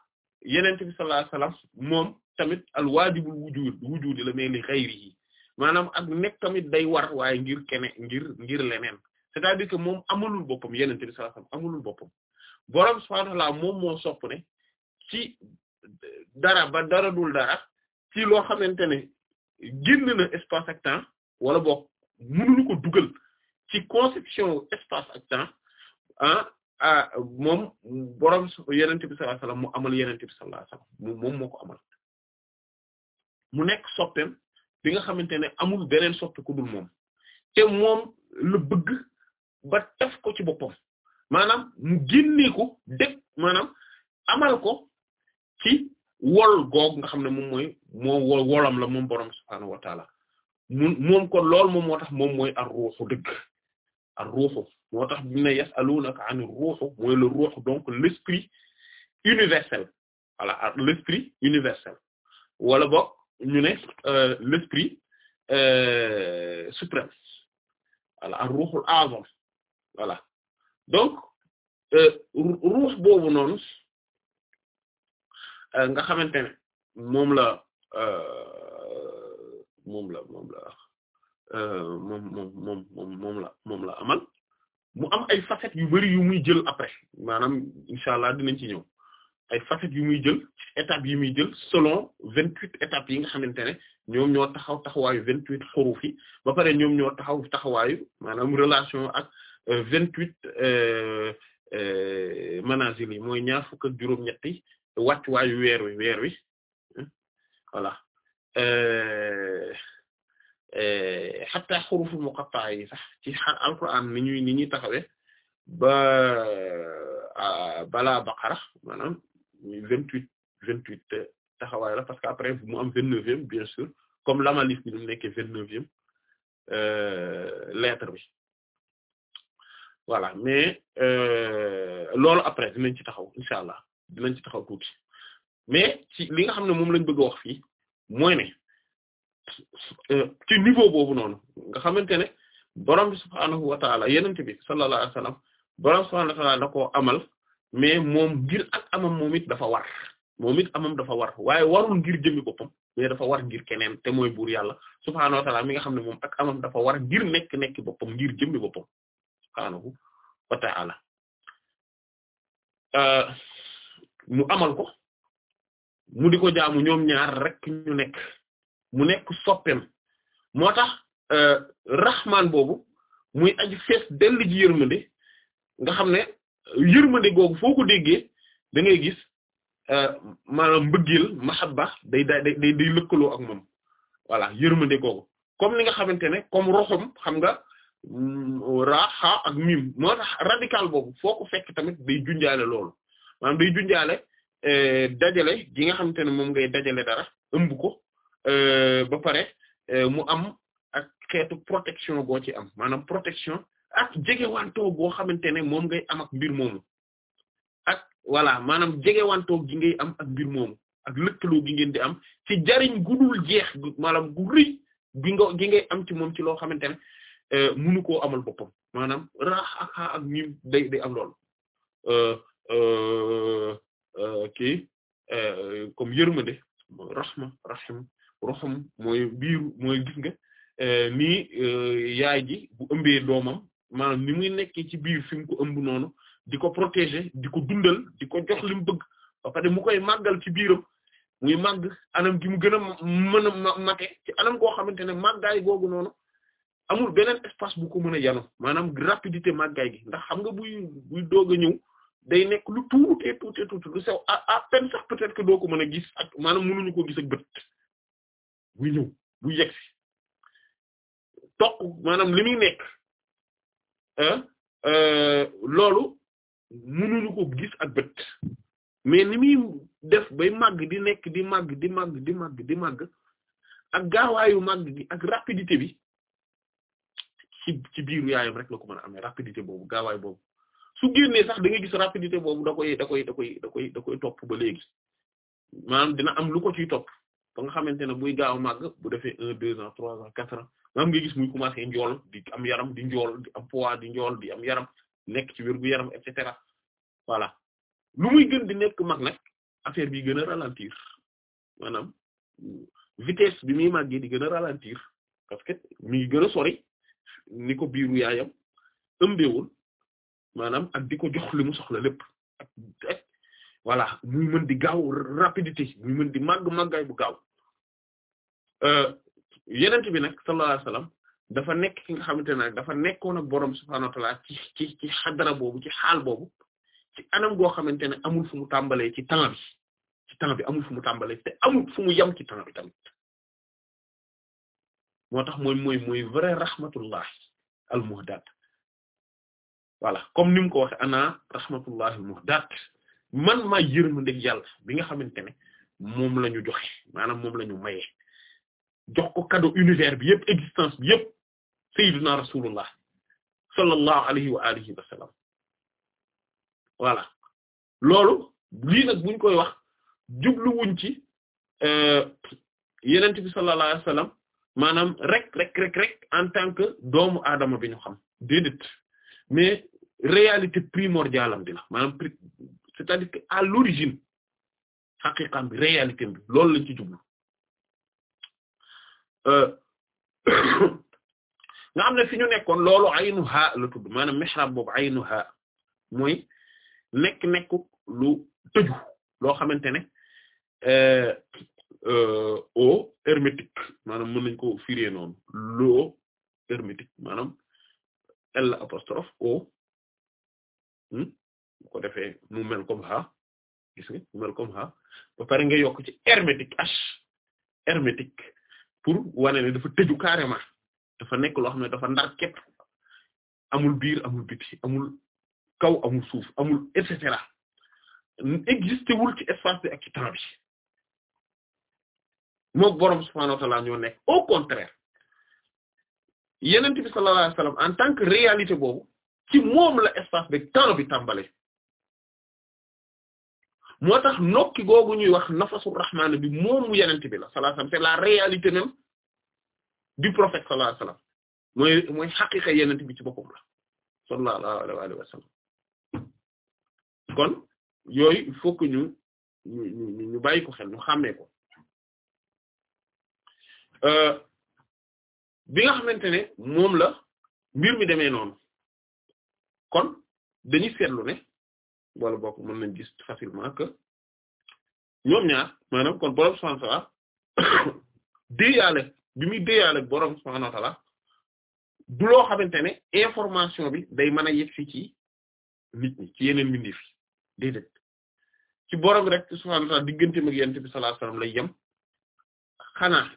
yenente bi sallallahu alayhi wasallam moom tamit al waajibul wujud wujudi la mais li ghayrihi maanaam ak nekk day war waaye ngir kene ngir ngir leneen c'est-à-dire que moom amalul boppam yenente bi sallallahu alayhi wasallam amulul boppam boroom subhaanahu moom moo sopp ne ci dara ba dara dul dara ci loo xamante ne génn na espace ak temps wala boog mënuñu dugal ci conception espace ak temps ah ah moom borom yonent bi sallallahu alayhi mu amal yonent moom ko amal mu nekk soppeem bi nga xamante ne amul beneen soppe ku dul moom te moom la bëgg ba taf ko ci boppam maanaam mu génnee ko dëkk maanaam amal ko ci wol goog nga xam ne moom mooy moo wo wolam la moom borom subhaanahu wa taala mu moom kon moo tax moom mooy ar ruuxu dëgg ak ruuxu moo tax bi ne yasalunaka ani ruuxu mooy le ruuxu donc l'esprit universel voilà l'esprit universel wala boog ñu ne euh, l'esprit euh, suprême voilà ruuxul azam voilà donc euh, ruux boobu noonu euh, nga xamante ne moom la moom la Euh, moom moom moom moom la moom la amal mu am ay facettes yu bari yu muy jël après maanaam incha allah dinañ ci ñëw ay facettes yu muy jël étapes yi muy jël selon vingt huit étapes yi nga xamante ne ñoom ñoo taxaw taxawaayu vingt huit xuruf yi ba pare ñoom ñoo taxaw taxawaayu maanaam relation ak euh, vingt huit euh, manazil yi mooy ñaar fukk ak juróom-ñett yi wàccuwaayu weer wi weer wi voilà. xataa eh, xuruful muqatta yi sax ci alquran ni ñuy ni ñuy taxawe ba bala baqara maanaam vingt huit vingt huit taxawaay la parce que après mu am vingt neuvième bien sûr comme l'amalis bi mu nekkee vingt neuvième euh, lettre bi voilà mais euh, loolu après dinañ ci taxaw incha allah dinañ ci taxaw tuuti mais ci li nga xam ne moom lañ bëgg a wax fii mooy ne. Euh, ci niveau boobu noonu nga xamante ne borom bi subhaanahu yenen taala yenente bi sallallahu alayhi wa sallam koo amal mais moom ngir ak amam moom dafa war moom it amam dafa war waaye warul ngir jëmi boppam mais dafa war ngir keneen te mooy buur yàlla subhaanahu wa mi nga xam ne moom ak amam dafa war ngir nekk nekk boppam ngir jëmmi boppam subhaanahu wa taala euh, mu amal ko mu di ko jaamu ñoom ñaar rek ñu nekk mu nekk soppeem moo tax euh, raxmaan boobu muy aji fees dell ji yërmande nga xam ne yërmande googu foo ko déggee da ngay gis euh, maanaam mbëggeel mahabba day day day day lëkkaloo ak moom voilà yërmande googu comme ni nga xamante ne comme xam nga mm, raxa ak mim moo tax radical boobu foo ko fekk tamit day junjaale loolu maanaam day junjaale euh, dajale gi nga xamante ne moom ngay dajale dara ëmb ko Euh, ba pare euh, mu am ak xeetu protection goo ci am maanaam protection ak jegewantoo goo xamante ne moom ngay am ak mbir moomu ak voilà maanaam jegewantoo gi ngay am ak mbir moomu ak lëkkaloo gi ngeen di am ci jariñ gudul jeex maanaam gu rëy gi nga gi ngay am ci moom ci loo xamante ne euh, munu koo amal boppam maanaam raax ak xaa ak ñi day day am loolu kii comme yërmande rahma rahim roxam mooy biiru mooy gis nga eh, nii eh, yaay ji bu ëmbee doomam maanaam ni muy nekkee ci biir fi mu ko ëmb noonu di ko protéger di ko dundal di ko jox li mu bëgg ba pare mu koy màggal ci biiram muy màgg anam gi mu gën a mën a mate ci anam koo xamante ne màggaay googu noonu amul beneen espace bu ko mën a yanu maanaam rapidité màggaay gi ndax xam nga buy buy doog a ñëw day nekk lu tuutee tuutee tuuti lu sew à peine sax peut-être que doo ko mën a gis ak maanaam mënuñu ko gis bu bu yegg toq maanaam li muy nekk euh, loolu mënuñu ko gis ak bët mais ni muy def bay màgg di nekk di màgg di màgg di màgg di màgg ak gaawaayu màgg gi ak rapidité bi ci ci biiru yaayam rek la ko mën a amee rapidité boobu gaawaay boobu su génnee sax da nga gis rapidité boobu da koy da koy top ba léegi maanaam dina am lu ko ciy topp ba nga xamante ne buy gaaw a màgg bu defee un deux ans trois ans quatre ans maam nga gis muy commencé di am yaram di njool am poids di njool di am yaram nekk ci wér gu yaram et cetera voilà lu muy gën di nekk mag nag affaire bi gën a ralentir maanaam vitesse bi muy màggee di gën a ralentir parce mi ngi gën a sori ni ko biiru yaayam ëmbeewul maanaam ak di ko mu soxla lépp voilà muy mën di gaaw rapidité muy mën di màgg màggaay bu gaaw euh, yenent bi nag sallallahu alayhi dafa nekk ki nga xamante ne dafa nekkoon ak boroom subhaanahu wa ta'ala ci ci ci xadara boobu ci xaal boobu ci anam goo xamante ne amul fu mu tàmbalee ci temps bi ci temps amul fu mu tàmbalee te amul fu mu yem ci temps bi tamit moo tax mooy mooy mooy vrai rahmatullah al muhdat voilà comme ni ko waxe ana rahmatullah al muhdat man maa yërmandeeg yàlla bi nga xamante ne moom la ñu joxe maanaam moom lañu ñu maye jox ko cadeau univers bi yëpp existence bi yëpp sayyiduna rasulullah sallallahu wa alihi wa sallam voilà loolu lii nag koy wax jubluwuñ ci euh, yenent bi sallallahu wa sallam maanaam rek rek rek en tant que doomu aadama bi ñu xam déedéet mais réalité primordiale am maanaam c'est-à-dire que à l'origine xaqiqam bi réalité bi loolu lañ ci jublu euh, nga xam ne fi ñu nekkoon loolu aynu ha la tudd maanaam mihrab boobu aynu ha mooy nekk nekku lu tëju loo xamante ne euh, euh, eau hermétique maanaam mën nañ ko firé noonu hermétique maanaam L apostrophe eau bu ko defee mu mel comme ha ba pare nga yokk ci hermétique h hermétique pour wane ne dafa tëju carrément dafa nekk loo xam ne dafa ndar képp amul biir amul biti amul kaw amul suuf amul et cetera existé wul ci espace bi ak ci temps bi moom boroom subhaanahu au contraire yenent bi sallallahu en tant que réalité boobu ci moom la espace bi temps bi tàmbale moo tax nokki googu ñuy wax nafasu rahmaan bi moomu yenent bi la sallallahu alayhi la mooy mooy xaqiqa yenent bi ci boppam la sallallahu alayhi wasallam kon yooyu il faut que ñu ñu xel ñu xàmmee ko euh, bi nga xamante ne moom la mbir mi demee noonu kon dañuy seetlu wala bokk mën nañ gis facilement que ñoom ñaar maanaam kon borom subhaanahu wa ta'aala bi muy déyaale borom subhaanahu wa du loo xamante ne information bi day mën a yegg fi ci nit ñi ci yeneen mbindeef yi déedéet ci borom rek subhaanahu wa ta'aala digganteem ak yonent bi sallallahu alayhi lay yem xanaa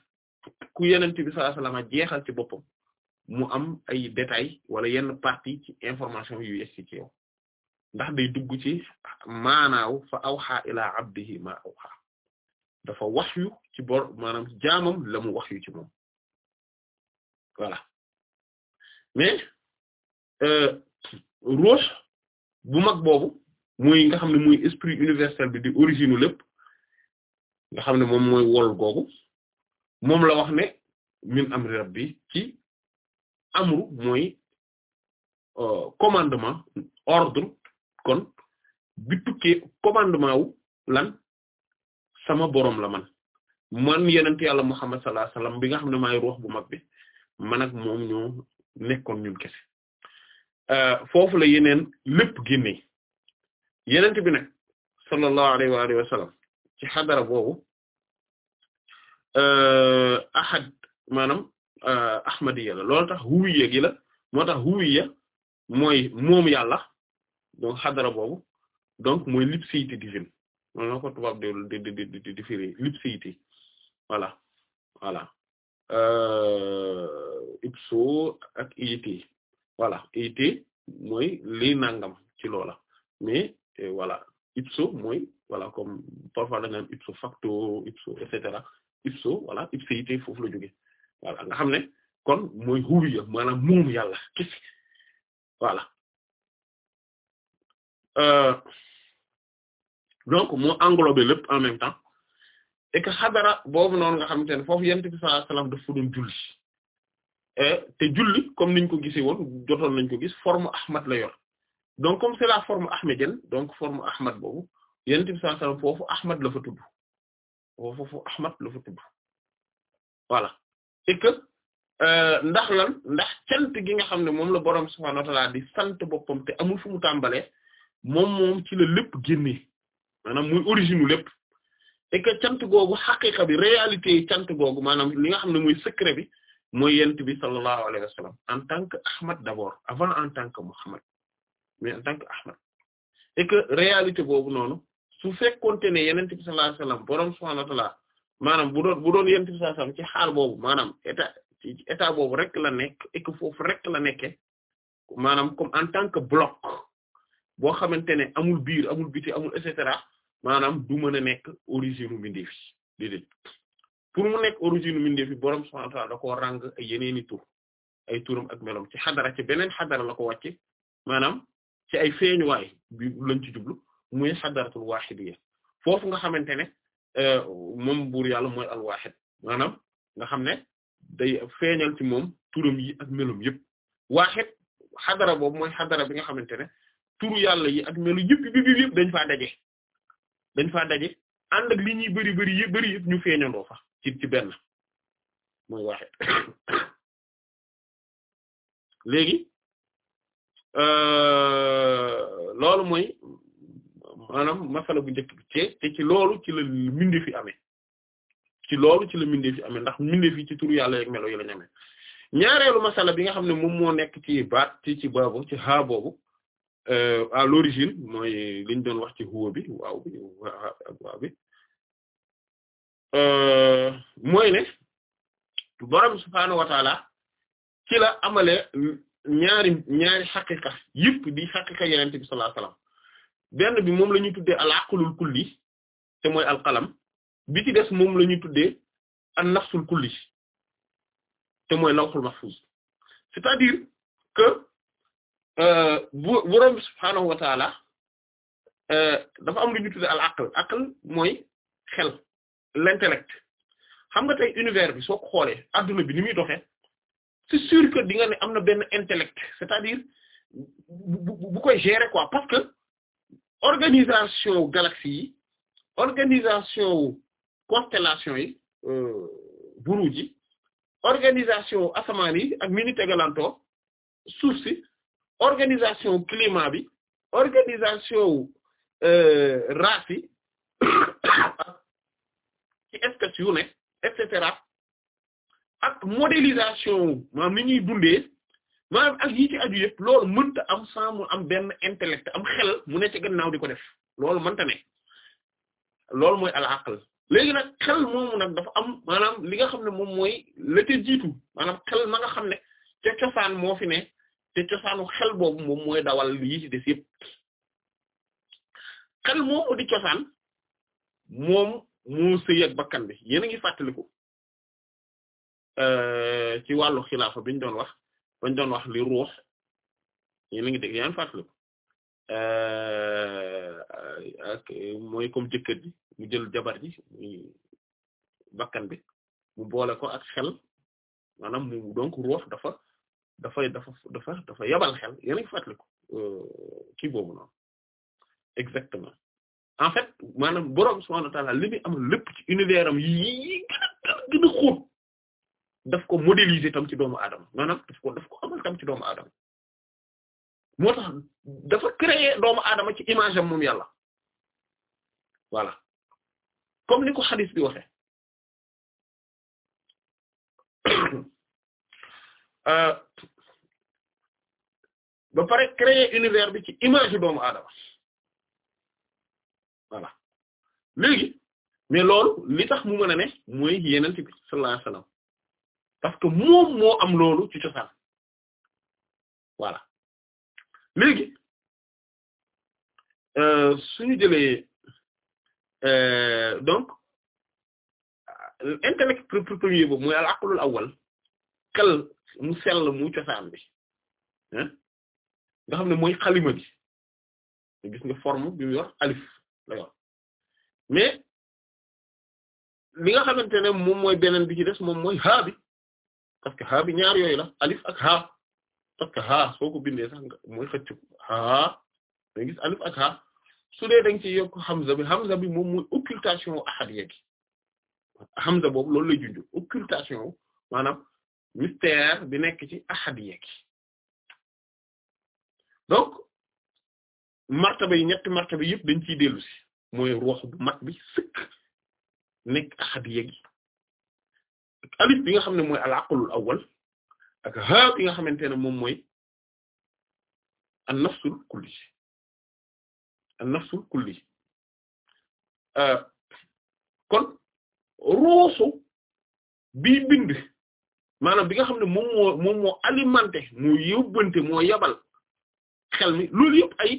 ku yonent bi sallallahu alayhi wasallam jeexal ci boppam mu am ay détails wala yenn partie ci information yu yegg ci yow. ndax day dugg ci maanaaw fa awxa ilaa abdihi ma awxa dafa waxyu ci bor maanaam jaamam la mu waxyu ci moom voilà mais euh, ruux bu mag boobu muy nga xam ne muy esprit universel bi di origine lépp nga xam ne moom mooy wol googu moom la wax ne min amri rabbi ci amru mooy euh, commandement ordre kon bi tukkee commandement wu lan sama boroom la man man yenent yàlla Muhammad sallallahu alayhi wasallam bi nga xam ne maay ruux bu mag bi man moom ñoo nekkoon ñun kese euh, foofu la yeneen lépp génnee yenent bi nag sallallahu alayhi wa alihi wa sallam ci xadara boobu euh, ahad maanaam euh, ahmadiya la loolu tax huwiya gi la moo tax huwiya mooy moom yàlla donc xadara boobu donc mooy lipséité divine moom la ko tubaab voilà voilà euh, ipso ak it voilà it mooy lii nangam ci loola mais euh, voilà ipso mooy voilà comme parfois dañu naan ipso facto ipso et cetera ipso voilà ipséité foofu la jóge voilà nga xam ne kon mooy huwiya maanaam moom yàlla kese Euh, donc mu englobé lépp en même temps et que xadara boobu noonu nga xamante ne foofu yent bi sallallahu alayhi wasallam julli te julli comme niñ ko gisee woon jotoon nañ ko gis forme ahmad la yor donc comme c'est la forme ahmedienne donc forme ahmad boobu yent bi sallallahu alayhi wasallam foofu ahmad la fa tudd foofu ahmad la fa tudd voilà et que euh, ndax lan ndax cant gi nga xam ne moom la boroom subhaanahu wa ta'aala di sant boppam te amul fu mu tàmbalee moom moom ci la lépp génnee maanaam muy origine lépp et que cant googu xaqiqa bi réalité yi cant googu maanaam li nga xam ne muy secret bi mooy yent bi sallallahu alayhi wa en tant que Ahmad d'abord avant en tant que Muhammad mais en tant que Ahmad et réalité boobu noonu su fekkonte ne yenent bi sallallahu alayhi wa sallam borom subhanahu wa ta'ala maanaam bu bu doon yent bi sallallahu alayhi ci xaal boobu maanaam état ci état boobu rek la nekk et que foofu rek la nekke maanaam comme en tant que bloc boo xamante ne amul biir amul biti amul et cetera maanaam du mën a nekk origine u mbindeef yi déedéet pour mu nekk origine u mbindeef yi boroom subhaanahu wa ta'aala da koo ay yeneeni tur ay turam ak melom ci xadara ci beneen xadara la ko wàcce maanaam ci ay feeñuwaay bi lañ ci jublu muy xadaratul waaxidiyya foofu nga xamante ne euh, moom buur yàlla mooy alwaaxid maanaam nga xam ne day feeñal moom turam yi ak melom yëpp waaxid xadara boobu mooy xadara bi nga xamante ne turu yàlla yi ak melu yëpp yëpp yëpp dañ faa daje dañ faa daje ànd li ñuy bari bëri yëpp bëri yëpp ñu feeñandoo fa ci ci benn mooy waxe léegi euh, loolu mooy maanaam masala bu njëkk bi ci ci loolu ci la mbindeef yi amee ci loolu ci la mbindeef yi amee ndax mbindeef yi ci turu yàlla ak melo yi la ñu ñaareelu masala bi nga xam ne moom moo nekk ci baat ci ci baabu ci xaa boobu Euh, à l'origine mooy liñ doon wax ci huwa bi waaw bi waaw bi euh, mooy ne borom subhaanahu wa taala ci la amale ñaari ñaari xaqiqa yëpp di xaqiqa yenente bi sallallahu alayhi wasallam benn bi moom la ñuy tuddee al aqlul kulli te mooy al bi ci des moom la ñuy tuddee nafsul kulli te mooy lawhul mahfuz c'est-à-dire que bu euh, borom bi subhaanahu wa euh, dafa am lu al aql aql mooy xel l'intellect xam nga tey univers bi soo ko xoolee adduna bi ni muy doxee c'est sûr que di nga am na benn intellect c'est-à-dire bu bu koy gérer quoi parce que organisation galaxie yi organisation constellation yi euh, buruj organisation asamaan ak mini tegalantoo suuf si organisation climat bi organisation euh, race yi ci espèce yu ne et cetera ak modélisation maanaam ni ñuy dundee maanaam ak yi ci am sans mu am benn intellect am xel mu ne ci gannaaw ko def loolu mënta ne loolu mooy al léegi nag xel moomu nag dafa am maanaam li nga xam ne moom mooy la ca jiitu maanaam xel ma nga xam ne ca cosaan moo fi ne te cosaanu xel boobu moom mooy dawal lii ci des yëpp xel moomu di cosaan moom moo sëy ak bakkan bi yéen a ngi fàttaliku euh, ci wàllu xilaafa bi ñu doon wax bañ doon wax li ruux yéen a ngi dégg yaa ngi fàttaliku euh, ak mooy comme jëkkër ji mu jël jabar ji muy bakkan bi mu boole ko ak xel maanaam mu donc ruux dafa dafa dafa dafa yabal xel yéen a ngi fàttaliku euh, kii exactement en fait maanaam boroom subhanahu wa ta'ala li muy am lépp ci univers am yii gën daf ko modéliser tam ci doomu aadama maanaam daf ko daf ko amal tam ci doomu aadama moo tax dafa créer doomu aadama ci image am moom yàlla comme ni ko hadith bi waxe Euh, ba pare créer univers bi ci image yu doomu aadama voilà léegi mais loolu li tax mu mën a ne mooy yenent bi parce que moom moo am loolu ci cosaan voilà léegi euh, suñu jëlee euh, donc intellect premier boobu mooy al aqlul awwal kal mu sell muy cosaan bi nga xam ne mooy xalima gi gis nga forme bi yor alif la mais li nga xamante ne moom mooy beneen bi des moom mooy haa bi parce que haa bi ñaar yooyu la alif ak haa parce que soo ko bindee sax mooy xëcc haa da gis alif ak haa su dee ci yokk hamza bi hamza bi moom mooy occultation ahadiyya gi hamza boobu loolu lay junj occultation maanaam mystère bi nekk ci ahadiya gi donc martaba yi ñetti martaba yëpp dañ ciy dellu si mooy ruux bu mat bi sëkk nekk ahadiya gi ak alif bi nga xam ne mooy al aqlul awwal ak haa bi nga xamante ne moom mooy an nafsul kulli an nafsul kulli euh, kon ruusu bi bind maanaam bi nga xam ne moom moo moom moo alimenté moo yóbbante moo yabal xel mi loolu yëpp ay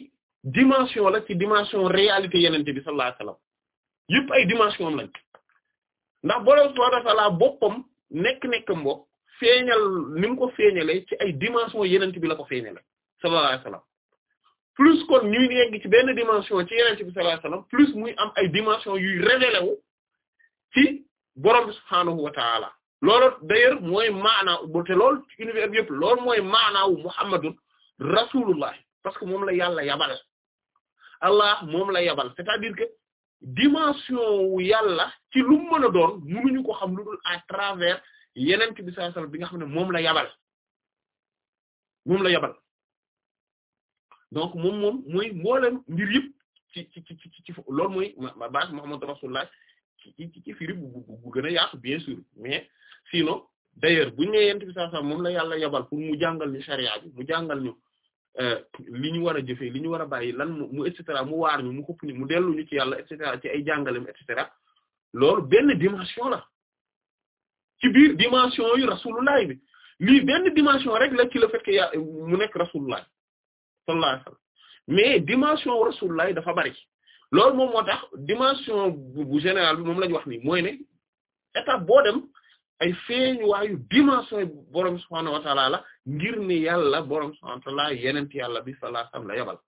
dimension la ci dimension réalité yenente bi sallallahu alayhi wasallam yëpp ay dimension am lañ ndax borom subhanahu wa ta'ala boppam nekk-nekkam bopp feeñal ni ko feeñalee ci ay dimension yenent bi la ko feeñale sallallahu alayhi wasallam plus kon ñuy yegg ci benn dimension ci yenent bi sallallahu alayhi wasallam plus muy am ay dimension yuy révélé ci borom bi subhaanahu loolu d'ailleurs mooy maanaaw bu te loolu ci yëpp loolu mooy maanaawu muhammadun rasulullah parce que moom la yàlla yabal allah moom la yabal c'est-à-dire que dimension wu yàlla ci lu mën a doon mënuñu ko xam lu dul à travers yeneen bi sallallahu alayhi bi nga xam ne moom la yabal moom la yabal donc moom moom mooy mboolem mbir yëpp ci mooy ma base muhammadu rasulullah ci ci firi bu bu gën bien sûr mais. sinon d'ailleurs bu ñu nee yent bi saa saa moom la yàlla yabal pour mu jàngal ñu charia bi mu jàngal ñu euh, li ñu war a jëfee li ñu war a bàyyi lan mu et mu waar ñu mu xupp ñu mu dellu ñu ci yàlla et cetera ci ay jàngalem et cetera loolu benn dimension la ci biir dimension yu rasulullah bi lii benn dimension rek la ci le fait que mu nekk rasulullah mais dimension rasulullah dafa bari loolu moom moo tax dimension bu général bi moom la wax nii mooy ne étape boo dem ay feeñ waayu dimension borom subhaanahu wa ngir ne yàlla borom subhaanahu wa yenent yàlla bi sallallahu alayhi wa sallam la yabal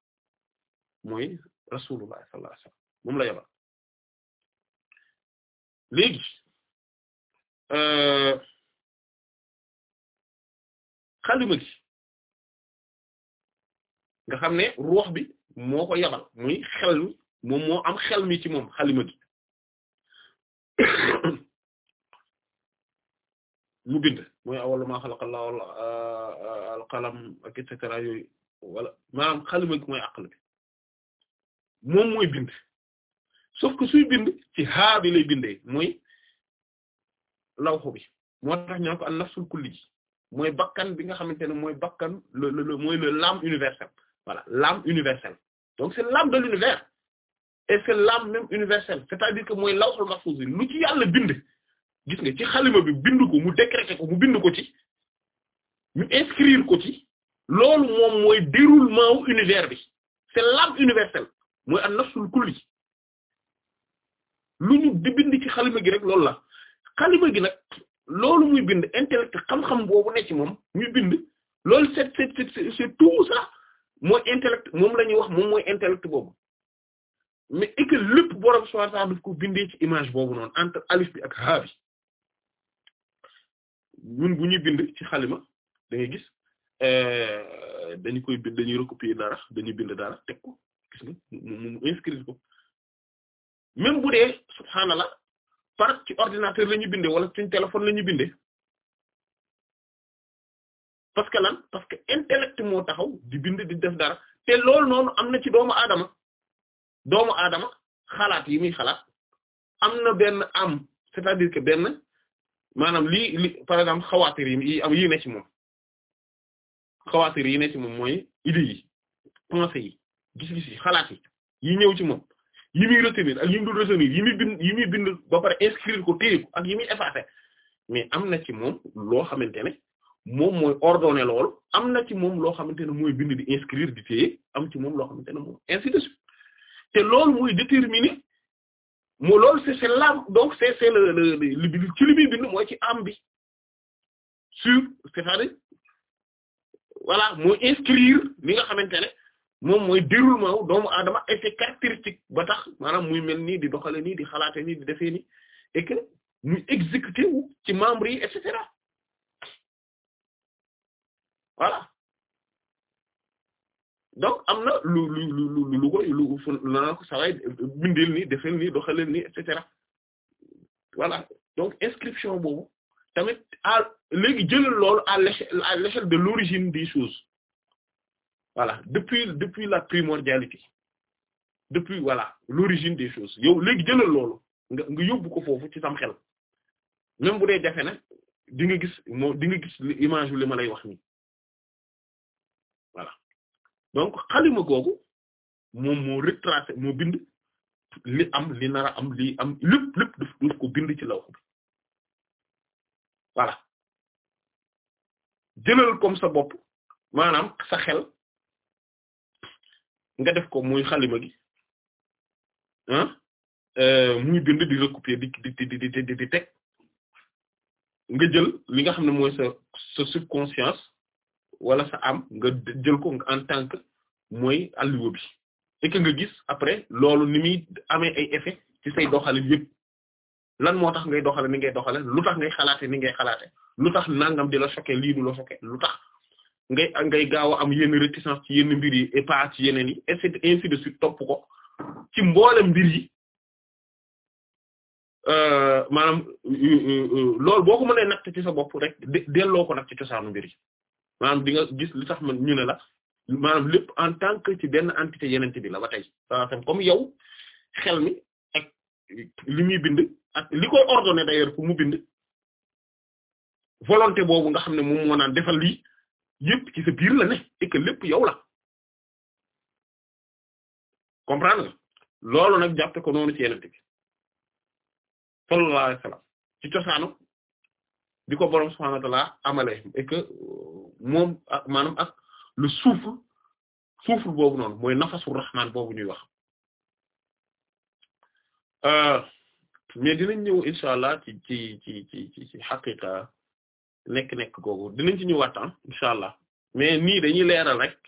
mooy rasulullah sallallahu moom la yabal léegi euh, xalima gi nga xam ne ruux bi moo ko yabal muy xel mi moom moo am xel mi ci moom xalima gi mu bind mooy awwalu maa xalaqa Allahu euh, al yooyu wala maanaam xalima gi mooy aql bi moom mooy bind sauf que suy bind ci haa bi lay bindee mooy lawxu bi moo mooy bakkan bi nga xamante ne mooy bakkan le le mooy le l'âme universelle voilà l'âme universelle donc c'est l'âme de l'univers et c'est l'âme même universelle c'est-à-dire que mooy lawhul mahfuz lu ci yàlla bind gis nga ci xalima bi bind ko mu décréter ko mu bind ko ci ñu inscrire ko ci loolu moom mooy déroulement wu univers bi c'est l'âme universelle mooy an nafsul kulli lu ñu di bind ci xalima gi rek loolu la xalima gi nag loolu muy bind intellect xam-xam boobu ne ci moom muy bind loolu c'est c'est c'est tout mooy intellect moom la wax moom mooy intellect boobu mais et que lépp borom subhanahu wa ta'ala daf bindee ci image boobu noonu entre alif bi ak haa bi ñun bu ñuy bind ci xalima da gis euh, dañu koy bind dañuy recopier dara dañuy bind dara teg ko gis nga mu mu inscrire ko même bu dee subhaanallah ci ordinateur lañu ñuy bindee wala suñ téléphone la ñuy bindee parce lan parce intellect moo taxaw di bind di def dara te loolu noonu am na ci doomu aadama doomu aadama xalaat yi muy xalaat am na benn am cest dire que benn maanaam lii li par exemple xawaatir yi am yi ne ci moom xawaatir yi ne ci moom mooy yi pensées yi yi xalaat yi yi ñëw ci moom yi muy retenir ak yi mu bind yi muy bind ba pare inscrire ko téye ak yi muy effacer mais am na ci moom loo xamante ne moom mooy ordonné loolu am na ci moom loo xamante ne mooy bind di inscrire di téye am ci moom loo xamante ne moom ainsi de suite te loolu mooy moo lool c'est c'est l'âme donc le le ci li bind mooy ci am bi sur cest à mooy inscrire li nga xamante ne moom mooy déroulement wu doomu aadama effet ba tax maanaam muy mel nii di doxale nii di xalaate nii di defee nii et que exécuté wu ci membre yi et cetera voilà donc am na lu lu lu lu koy lu fu naa ko saway bindil nii defel nii doxalel nii et cetera voilà donc inscription boobu tamit à léegi jëlal loolu à l'échelle à l'échelle de l'origine des choses voilà depuis depuis la primordialité depuis voilà l'origine des choses yow léegi jëlal loolu nga nga yóbbu ko foofu ci sam xel même bu dee jafe na di nga gis moo di nga gis image yu li ma lay wax nii donc xalima googu moom moo retracé moo bind li am li nara am li am lépp lépp ko bind ci lawx bi voilà jëlal comme sa bopp maanaam sa xel nga def ko muy xalima gi ah muy bind di recopier di di di di di nga jël li nga xam ne mooy sa sa subconscience wala sa am nga jël ko en tant que mooy alluwa bi et que nga gis après loolu ni muy amee ay effet ci say doxalin yëpp lan moo tax ngay doxale ni ngay doxale lu tax ngay xalaate ni ngay xalaate lu tax nangam di la choqué lii du la lu tax ngay ngay gaaw a am yenn réticence ci yenn mbir yi et pas ci yeneen yi et c'est ainsi ko ci mboolem mbir yi euh, maanaam euh, euh, loolu boo ko mënee natt ci sa bopp rek delloo ko nag ci cosaanu mbir yi maanaam di nga gis li tax man ñu ne la maanaam lépp en tant que ci benn entité yenente bi la ba tey saasam comme yow xel mi ak bind ak li koy ordonné bind volonté boobu nga xam ne moom moo naan defal lii yëpp ci sa biir la ne et que lépp yow la comprendre nga loolu nag jàppe ko noonu ci yenente bi sallallahu alayhi wasallam ci cosaanu bi ko borom subhaanahu wa ta'aala amale moom ak maanaam ak le souffle souffle boobu noonu mooy nafasu rahmaan boobu ñuy wax euh, mais dinañ ñëw incha allah ci ci ci xaqiqa nekk-nekk googu dinañ ci ñëwaat ah incha allah mais nii dañuy leeral rek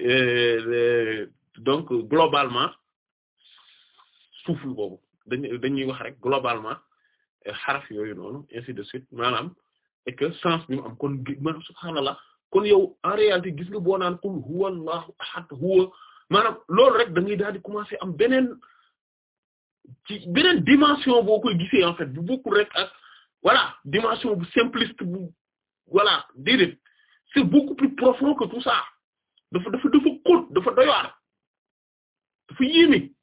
euh, euh, donc globalement souffle boobu dañuy dañuy wax rek globalement. xaraf yooyu noonu ainsi de suite maanaam et sens bi am kon gi maanaam subhaanallah kon yow en réalité gis nga boo naan qul huwa allahu ahad huwa maanaam loolu rek da ngay daal di commencer am beneen ci beneen dimension boo koy gisee en fait bu bokkul rek wala voilà dimension bu simpliste bu voilà déedéet c'est beaucoup plus profond que tout ça dafa dafa dafa dafa doy waar dafa yéeme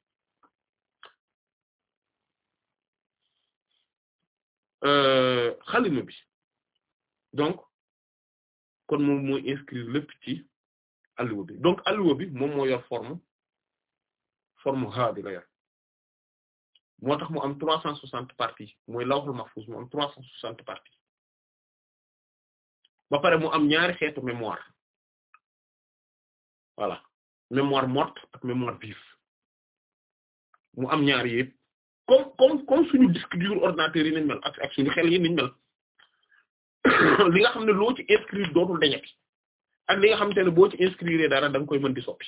Euh, xalima bi donc kon moom mooy inscrire lépp ci alluwa bi donc alluwa bi moom mooy yor forme forme ha bi moo tax mu am trois cent soixante parties mooy lawhul mahfuz mu am trois cent soixante parties ba pare mu am ñaari xeetu mémoire voilà mémoire morte ak mémoire vive mu am ñaari yëpp comme comme suñu disque dur ordinateur yi nañ mel ak ak suñu xel yi nañ mel li nga xam ne lool ci inscrire dootul dañati ak li nga xamante ne boo ci inscrire dara da nga koy mën di soppi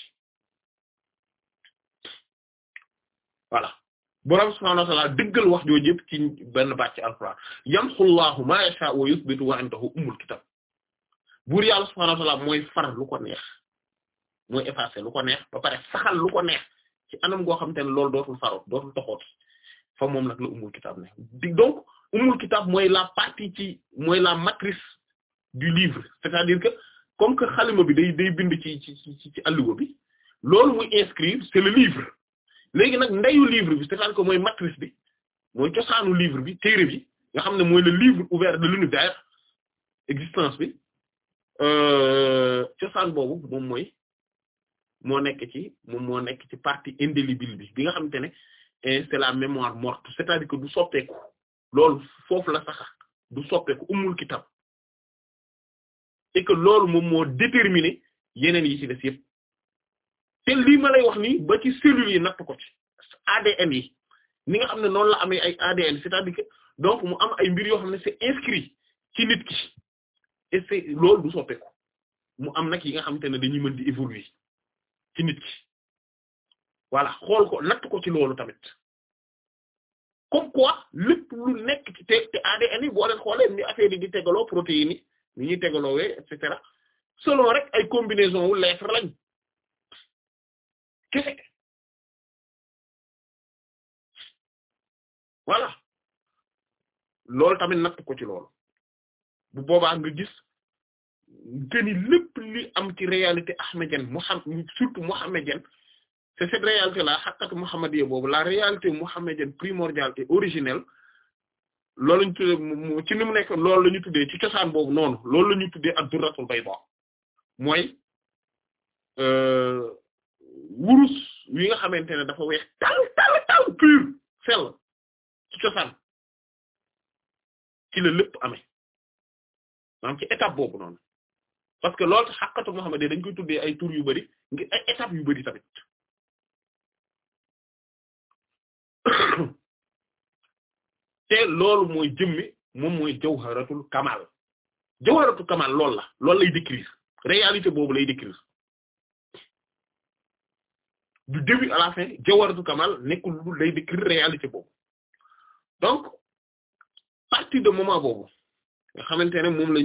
voilà borom subhaanahu dëggal wax jooju yëpp ci benn bàcc alquran yamhu llaahu maa yashaa'u wa far lu ko neex mooy effacer lu ko neex ba pare saxal lu ko neex ci anam goo xamante ne lool dootul faroot dootul toxooti fa moom nag la umul kitaab ne di donc umul kitaab mooy la partie ci mooy la matrice du livre c'est-à-dire que comme que xalima bi day day bind ci ci ci bi loolu muy inscrire c'est le livre léegi nag ndeyu livre bi c'est-à-dire que mooy matrice bi mooy cosaanu livre bi téere bi nga xam ne mooy le livre ouvert de l'univers existence bi euh, cosaan boobu moom mooy moo nekk ci moom moo nekk ci partie indélébile bi bi nga xamante ne et c'est la mémoire morte c'est-à-dire que du soppeeku lool foofu la sax du soppeeku umul kitab et que loolu moom moo déterminer yeneen yi ci des yëpp te lii ma lay wax nii ba ci cellules yi natt ko ADN yi ni nga xam ne noonu la amee ay ADN c'est-à-dire que donc mu am ay mbir yoo xam ne c'est inscrit ci nit ki et du soppeeku mu am nag yi nga xamante ne dañuy mën di évoluer ci nit ki voilà xool ko natt ko ci loolu tamit comme quoi lépp nekk ci te te ADN yi boo leen xoolee ni affaire yi di tegaloo protéines et cetera selon rek ay combinaison wu lettre lañ kese voilà loolu tamit natt ko ci loolu bu boobaa nga gis te ni lépp li surtout mohammédienne c'est cette réalité là xaqatu muhammadiyya boobu la réalité muhammadienne primordiale et originelle loolu lañu tuddee ci ni mu nekk loolu la tudde tuddee ci cosaan boobu noonu loolu la ñu tuddee ad-durratul bayda mooy euh, wurus wi nga xamante ne dafa weex tal tal tal pur sell ci cosaan ci la lépp amee maanaam ci étape boobu noonu parce que loolu xaqatu muhammadiyya dañ koy ay tour yu bari ngir ay étapes yu bari tamit te loolu mooy jëmmi moom mooy jawharatul kamal jawharatul kamal loolu la lool lay décrire réalité boobu lay décrire du début à la fin jawharatul kamal nekkul lu lay décrire réalité boobu donc partir de moma boobu nga xamante ne moom la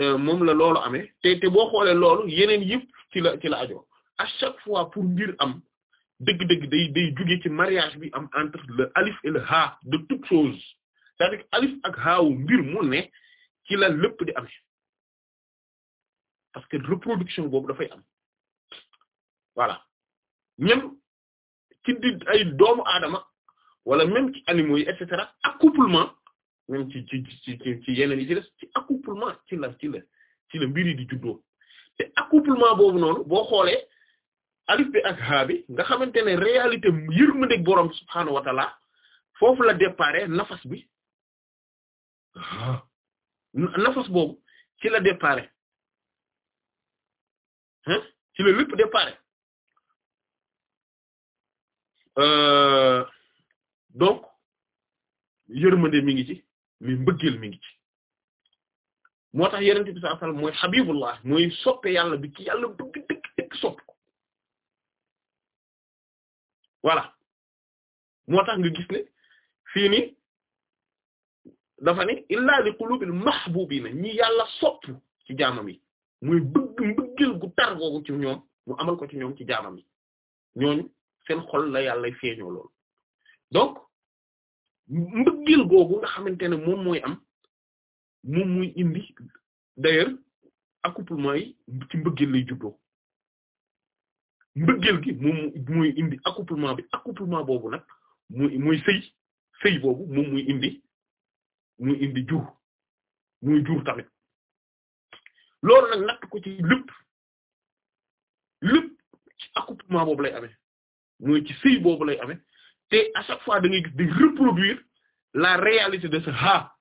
euh, moom la loolu ame te te boo xoolee loolu yenen yëpp ci la ci la ajo à chaque fois pour mbir am dëgg-dëgg day day jóge ci mariage bi am entre le alif et le ha de toute chose cest alif ak haawu mbir mu ne ci la lépp di amee parce que reproduction boobu dafay am voilà même ci di ay doomu aadama wala même ci animaux yi et cetera accouplement même ci ci ci ci yeneen yi ci des ci accouplement ci la ci la ci di juddoo te accouplement boobu noonu boo xoolee alif bi ak haa bi nga xamante ne réalité yërmandeeg borom subhaanahu wa taala foofu la dépare nafas bi ah. nafas boobu ci la dépare hein ci la lépp dépare Euh, donc yërmande mi ngi ci mi mbëggeel mi ngi ci moo tax yeneen bi sallallahu alayhi mooy habibullah mooy soppe yàlla bi ki yàlla bëgg dëgg voilà moo tax nga gis ne fii ni dafa ne illa li qulubil mahbubina ñi yàlla sopp ci jaamam muy bëgg mbëggeel gu tar googu ci ñoom mu amal ko ci ñoom ci jaamam yi ñooñu seen xol la yàlla feeñoo lool donc mbëggeel googu nga xamante ne moom mooy am moom muy indi d'ailleurs accouplement yi ci mbëggeel lay juddoo mbëggeel gi muy indi accouplement bi accouplement boobu nag muy muy sëy sëy boobu moom muy indi muy indi jur muy jur tamit loolu nag natt ko ci lépp lépp accouplement boobu lay ame mooy ci sëy boobu lay ame te à chaque fois da ngay gis di reproduire la réalité de ce ha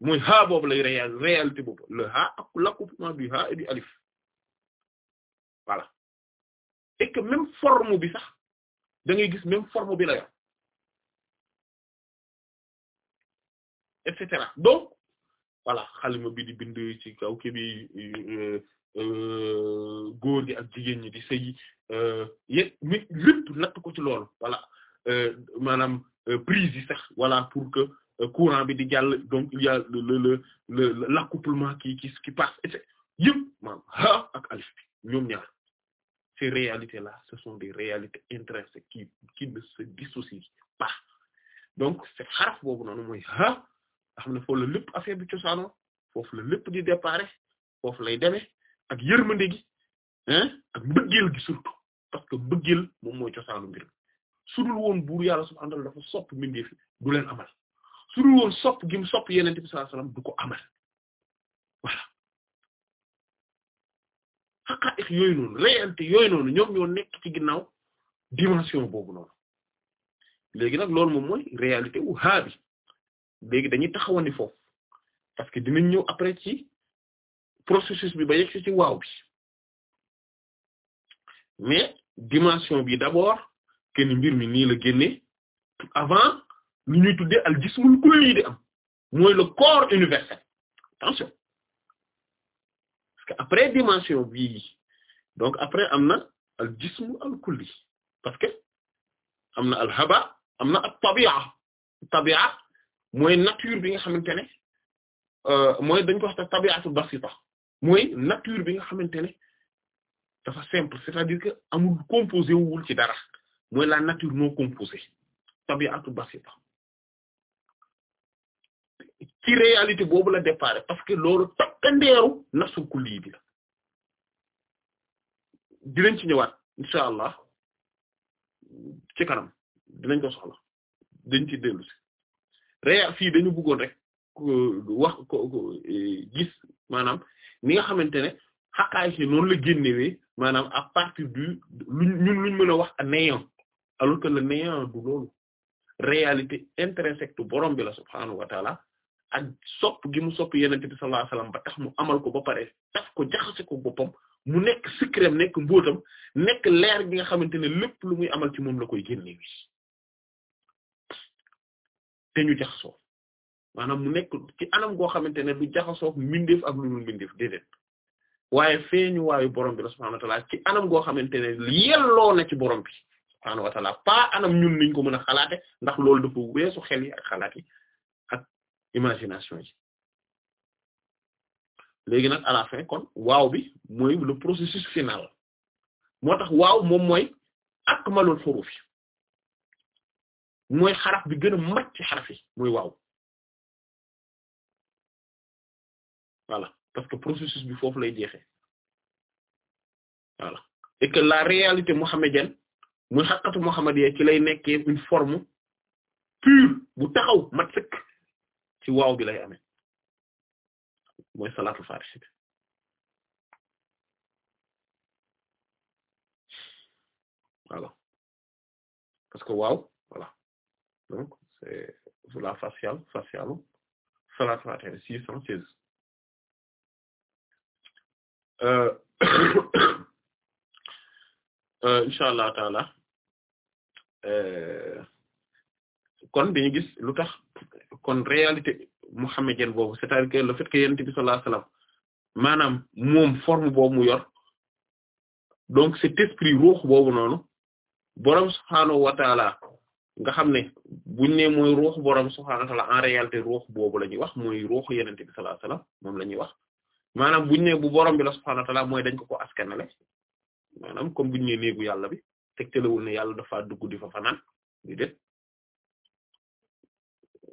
mooy ha boobu lay réalité boobu le ha ak l'accouplement du alif voilà et que même bi sax da gis même forme bi la yor et cetera donc voilà xalima bi di bind ci kaw ki bi euh, euh, góor gi ak jigéen ñi di sëy euh, yé mi lépp natt ko ci loolu voilà maanaam prise yi sax voilà pour que courant bi di jàll donc il y a le le le l'accouplement qui qui qui passe et yëpp maanaam ha ak alif ñoom ñaar ces réalités-là, ce sont des réalités intrinsèques qui qui ne se dissocient pas donc c'est xaraf boobu noonu mooy a xam ne foofu la lépp affaire bi cosaanoo foofu la lépp di déparé foofu lay demee ak yërmande gi hein ak mbëggeel gi surtout parce que mbëggeel moom mooy cosaanu mbir su dul woon buur yàlla subhaanahu wa ta'aala dafa sopp mbindeef du leen amal su dul woon sopp gi mu sopp yonent bi du ko amal voilà xaqaa'iq yooyu noonu réalité yooyu noonu ñoom ñoo nekk ci ginnaaw dimension boobu noonu léegi nag loolu moom mooy réalité wu haa léegi dañuy taxawandi foofu parce que dinañ ñëw après ci processus bi ba yegg ci waaw bi mais dimension bi d'abord kenn mbir mi nii la génne avant lu ñuy tuddee al jismul kulli di am mooy le corps universel parce que après dimension bii donc après am na al jism al kulli parce que am na al haba am na at tabi'a tabi'a mooy nature bi nga xamante ne euh, mooy dañ ko wax tabi'atu basita mooy nature bi nga xamante ne dafa simple c'est-à-dire que amul composé wul ci dara mooy la nature non composée tabi'atu basita ci réalité boobu la départ parce que loolu takkandeeru ku kulli bi la dinañ ci ñëwaat incha allah ci kanam dinañ ko soxla dañ ci dellu si réa fii dañu bëggoon rek euh, wax ko euh, gis maanaam ni nga xamante ne xaqaay si noonu la génnewee maanaam à partir du luñ ñun luñ mën a wax a néant alors que le néant du loolu réalité intrinsèque borom bi la subhaanahu ak sopp gi mu sopp yenente bi sallallahu ba tax mu amal ko ba pare tax ko jaxase ko boppam mu nekk sikkreem nekk mbóotam nekk leer gi nga xamante ne lépp lu muy amal ci moom la koy génne wi te ñu jaxasoo maanaam mu nekk ci anam goo xamante ne du jaxasoo mbindeef ak lu dul mbindeef déedéet waaye feeñu waayu borom bi la subhaanahu wa ta'ala ci anam goo xamante ne yelloo na ci borom bi subhaanahu wa ta'ala pas anam ñun niñ ko mën a xalaate ndax loolu dafa weesu xel yi ak xalaat yi imagination yi léegi nag à la fin kon waaw bi mooy le processus final moo tax waaw moom mooy akmalul huruf yi mooy xaraf bi gën a mat ci xaraf yi mooy waaw voilà parce processus bi foofu lay jeexee voilà et la réalité mohammedienne muy xaqatu mohammediya ci lay nekkee une forme pure bu taxaw mat sëkk ci waaw bi lay amee mooy salaatul faatihi bi voilà parce que waaw voilà donc c'est la faciale faciale salaatul faatihi six cent seize euh, euh, incha allah taala euh, kon dañu gis lu tax kon réalité muhammadienne boobu c'est-à-dire que le fait que yonent bi sallallahu alayhi wasallam maanaam moom forme boobu mu yor donc cet esprit ruux boobu noonu borom subhaanahu wa nga xam ne buñ ne mooy ruux borom subhaanahu wa taala en réalité ruux boobu la ñuy wax mooy ruuxu yonent bi sallallahu alayhi wasallam moom la ñuy wax maanaam buñ ne bu borom bi la subhaanahu wa mooy dañ ko ko askanale maanaam comme buñ ne néegu yàlla bi tegtalewul ne yàlla dafa dugg di fa fanaan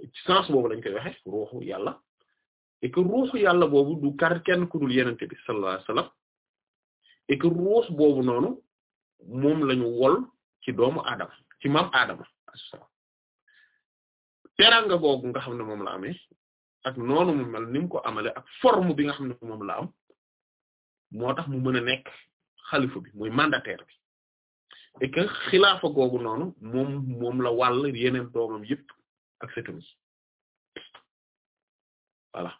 ci boobu lañ koy waxe ruuxu yàlla et que ruuxu yàlla boobu du kar kenn ku dul yenente bi sallallahu alayhi wasallam et boobu noonu moom lañu wol ci doomu aadama ci maam aadama teranga googu nga xam ne moom la amee ak noonu mu mel ni mu ko amale ak forme bi nga xam ne moom la am moo tax mu mën a nekk xalifa bi mooy mandataire bi et que googu noonu moom moom la wàll yeneen doomam yëpp ak sëtam yi voilà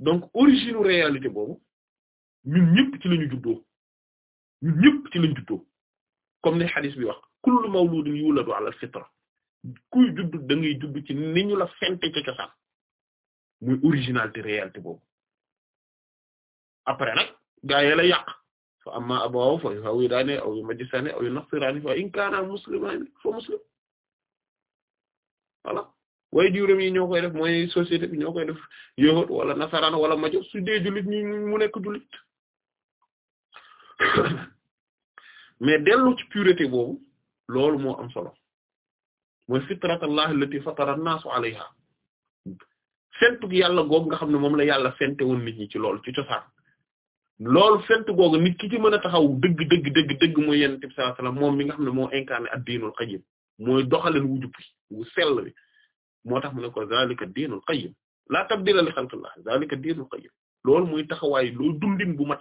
donc origine réalité boobu ñun ñëpp ci lañu juddoo ñun ñëpp ci lañu juddoo comme ni hadith bi wax kullu mawludin yuladu ala fitra kuy juddu da juddu ci ni ñu la fente ci cosaan muy originalité réalité boobu après nag gaa la yàq fa amma abawaahu fa yuhawwidaanihi aw yumajjisaanihi aw yunassiraanihi fa in kaanaa muslimayni fa muslim voilà waaye juróom yi ñoo koy mooy société bi ñoo koy def wala nasaraan wala majo su dee jullit ñi mu nekk jullit mais dellu pureté boobu loolu moo am solo mooy fitratallahi allati fatara an-naasa alayha fentug yàlla googu nga xam ne moom la yàlla fente woon nit ñi ci lool ci cosaan loolu fent googu nit ki ci mën a taxaw dëgg dëgg dëgg dëgg mooy yenn tib sallallahu alayhi moom mi nga xam ne moo incarné a diinul qayyim mooy doxalin wu jub wu sell bi moo tax mu ne ko zaalika ad-diinul qayyim laa tabdila li xalqillah zaalika ad-diinul qayyim lool muy taxawaay loolu dundin bu mat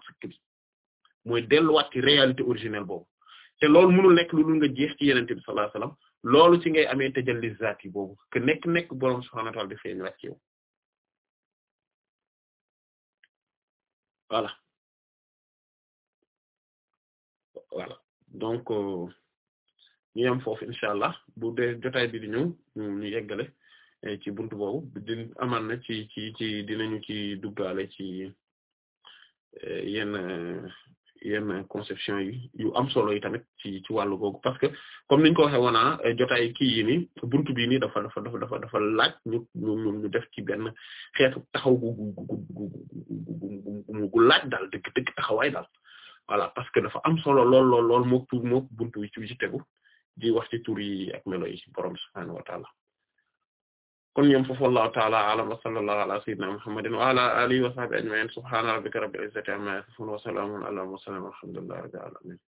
mooy delluwaat ci réalité originelle boobu te loolu mënul nekk lu dul nga jeex ci yeneen tib sallallahu loolu ci ngay amee tajalli zaati boobu que nekk nekk borom subhaanahu wa ta'aala di feeñ rek voilà donc ñu yem foofu incha allah bu dee jotaay bi di ñëw ñu yeggale ci bunt boobu di amaan na ci ci ci dinañu ci duggaale ci yenn yenn conception yi yu am solo yi tamit ci ci wàllu googu parce que comme niñ ko waxee woon naa jotaay kii yi nii buntu bii nii dafa dafa dafa laaj ñu def ci benn xeetu taxaw gu gu gu gu laaj daal dëgg dëgg taxawaay daal. voilà parce que dafa am solo lool lool lool mook tu mook buntu ci tegu di wax ci tur yi ak melo yi ci borom subhaanahu wa taala kon ñoom foofu wallahu wa sallallahu ala sayyidina muhammadin wa ala alihi wa sahbihi ajma'in subhaana rabbika rabbil izzati amma wa salaamun ala mursalin walhamdulillahi rabbil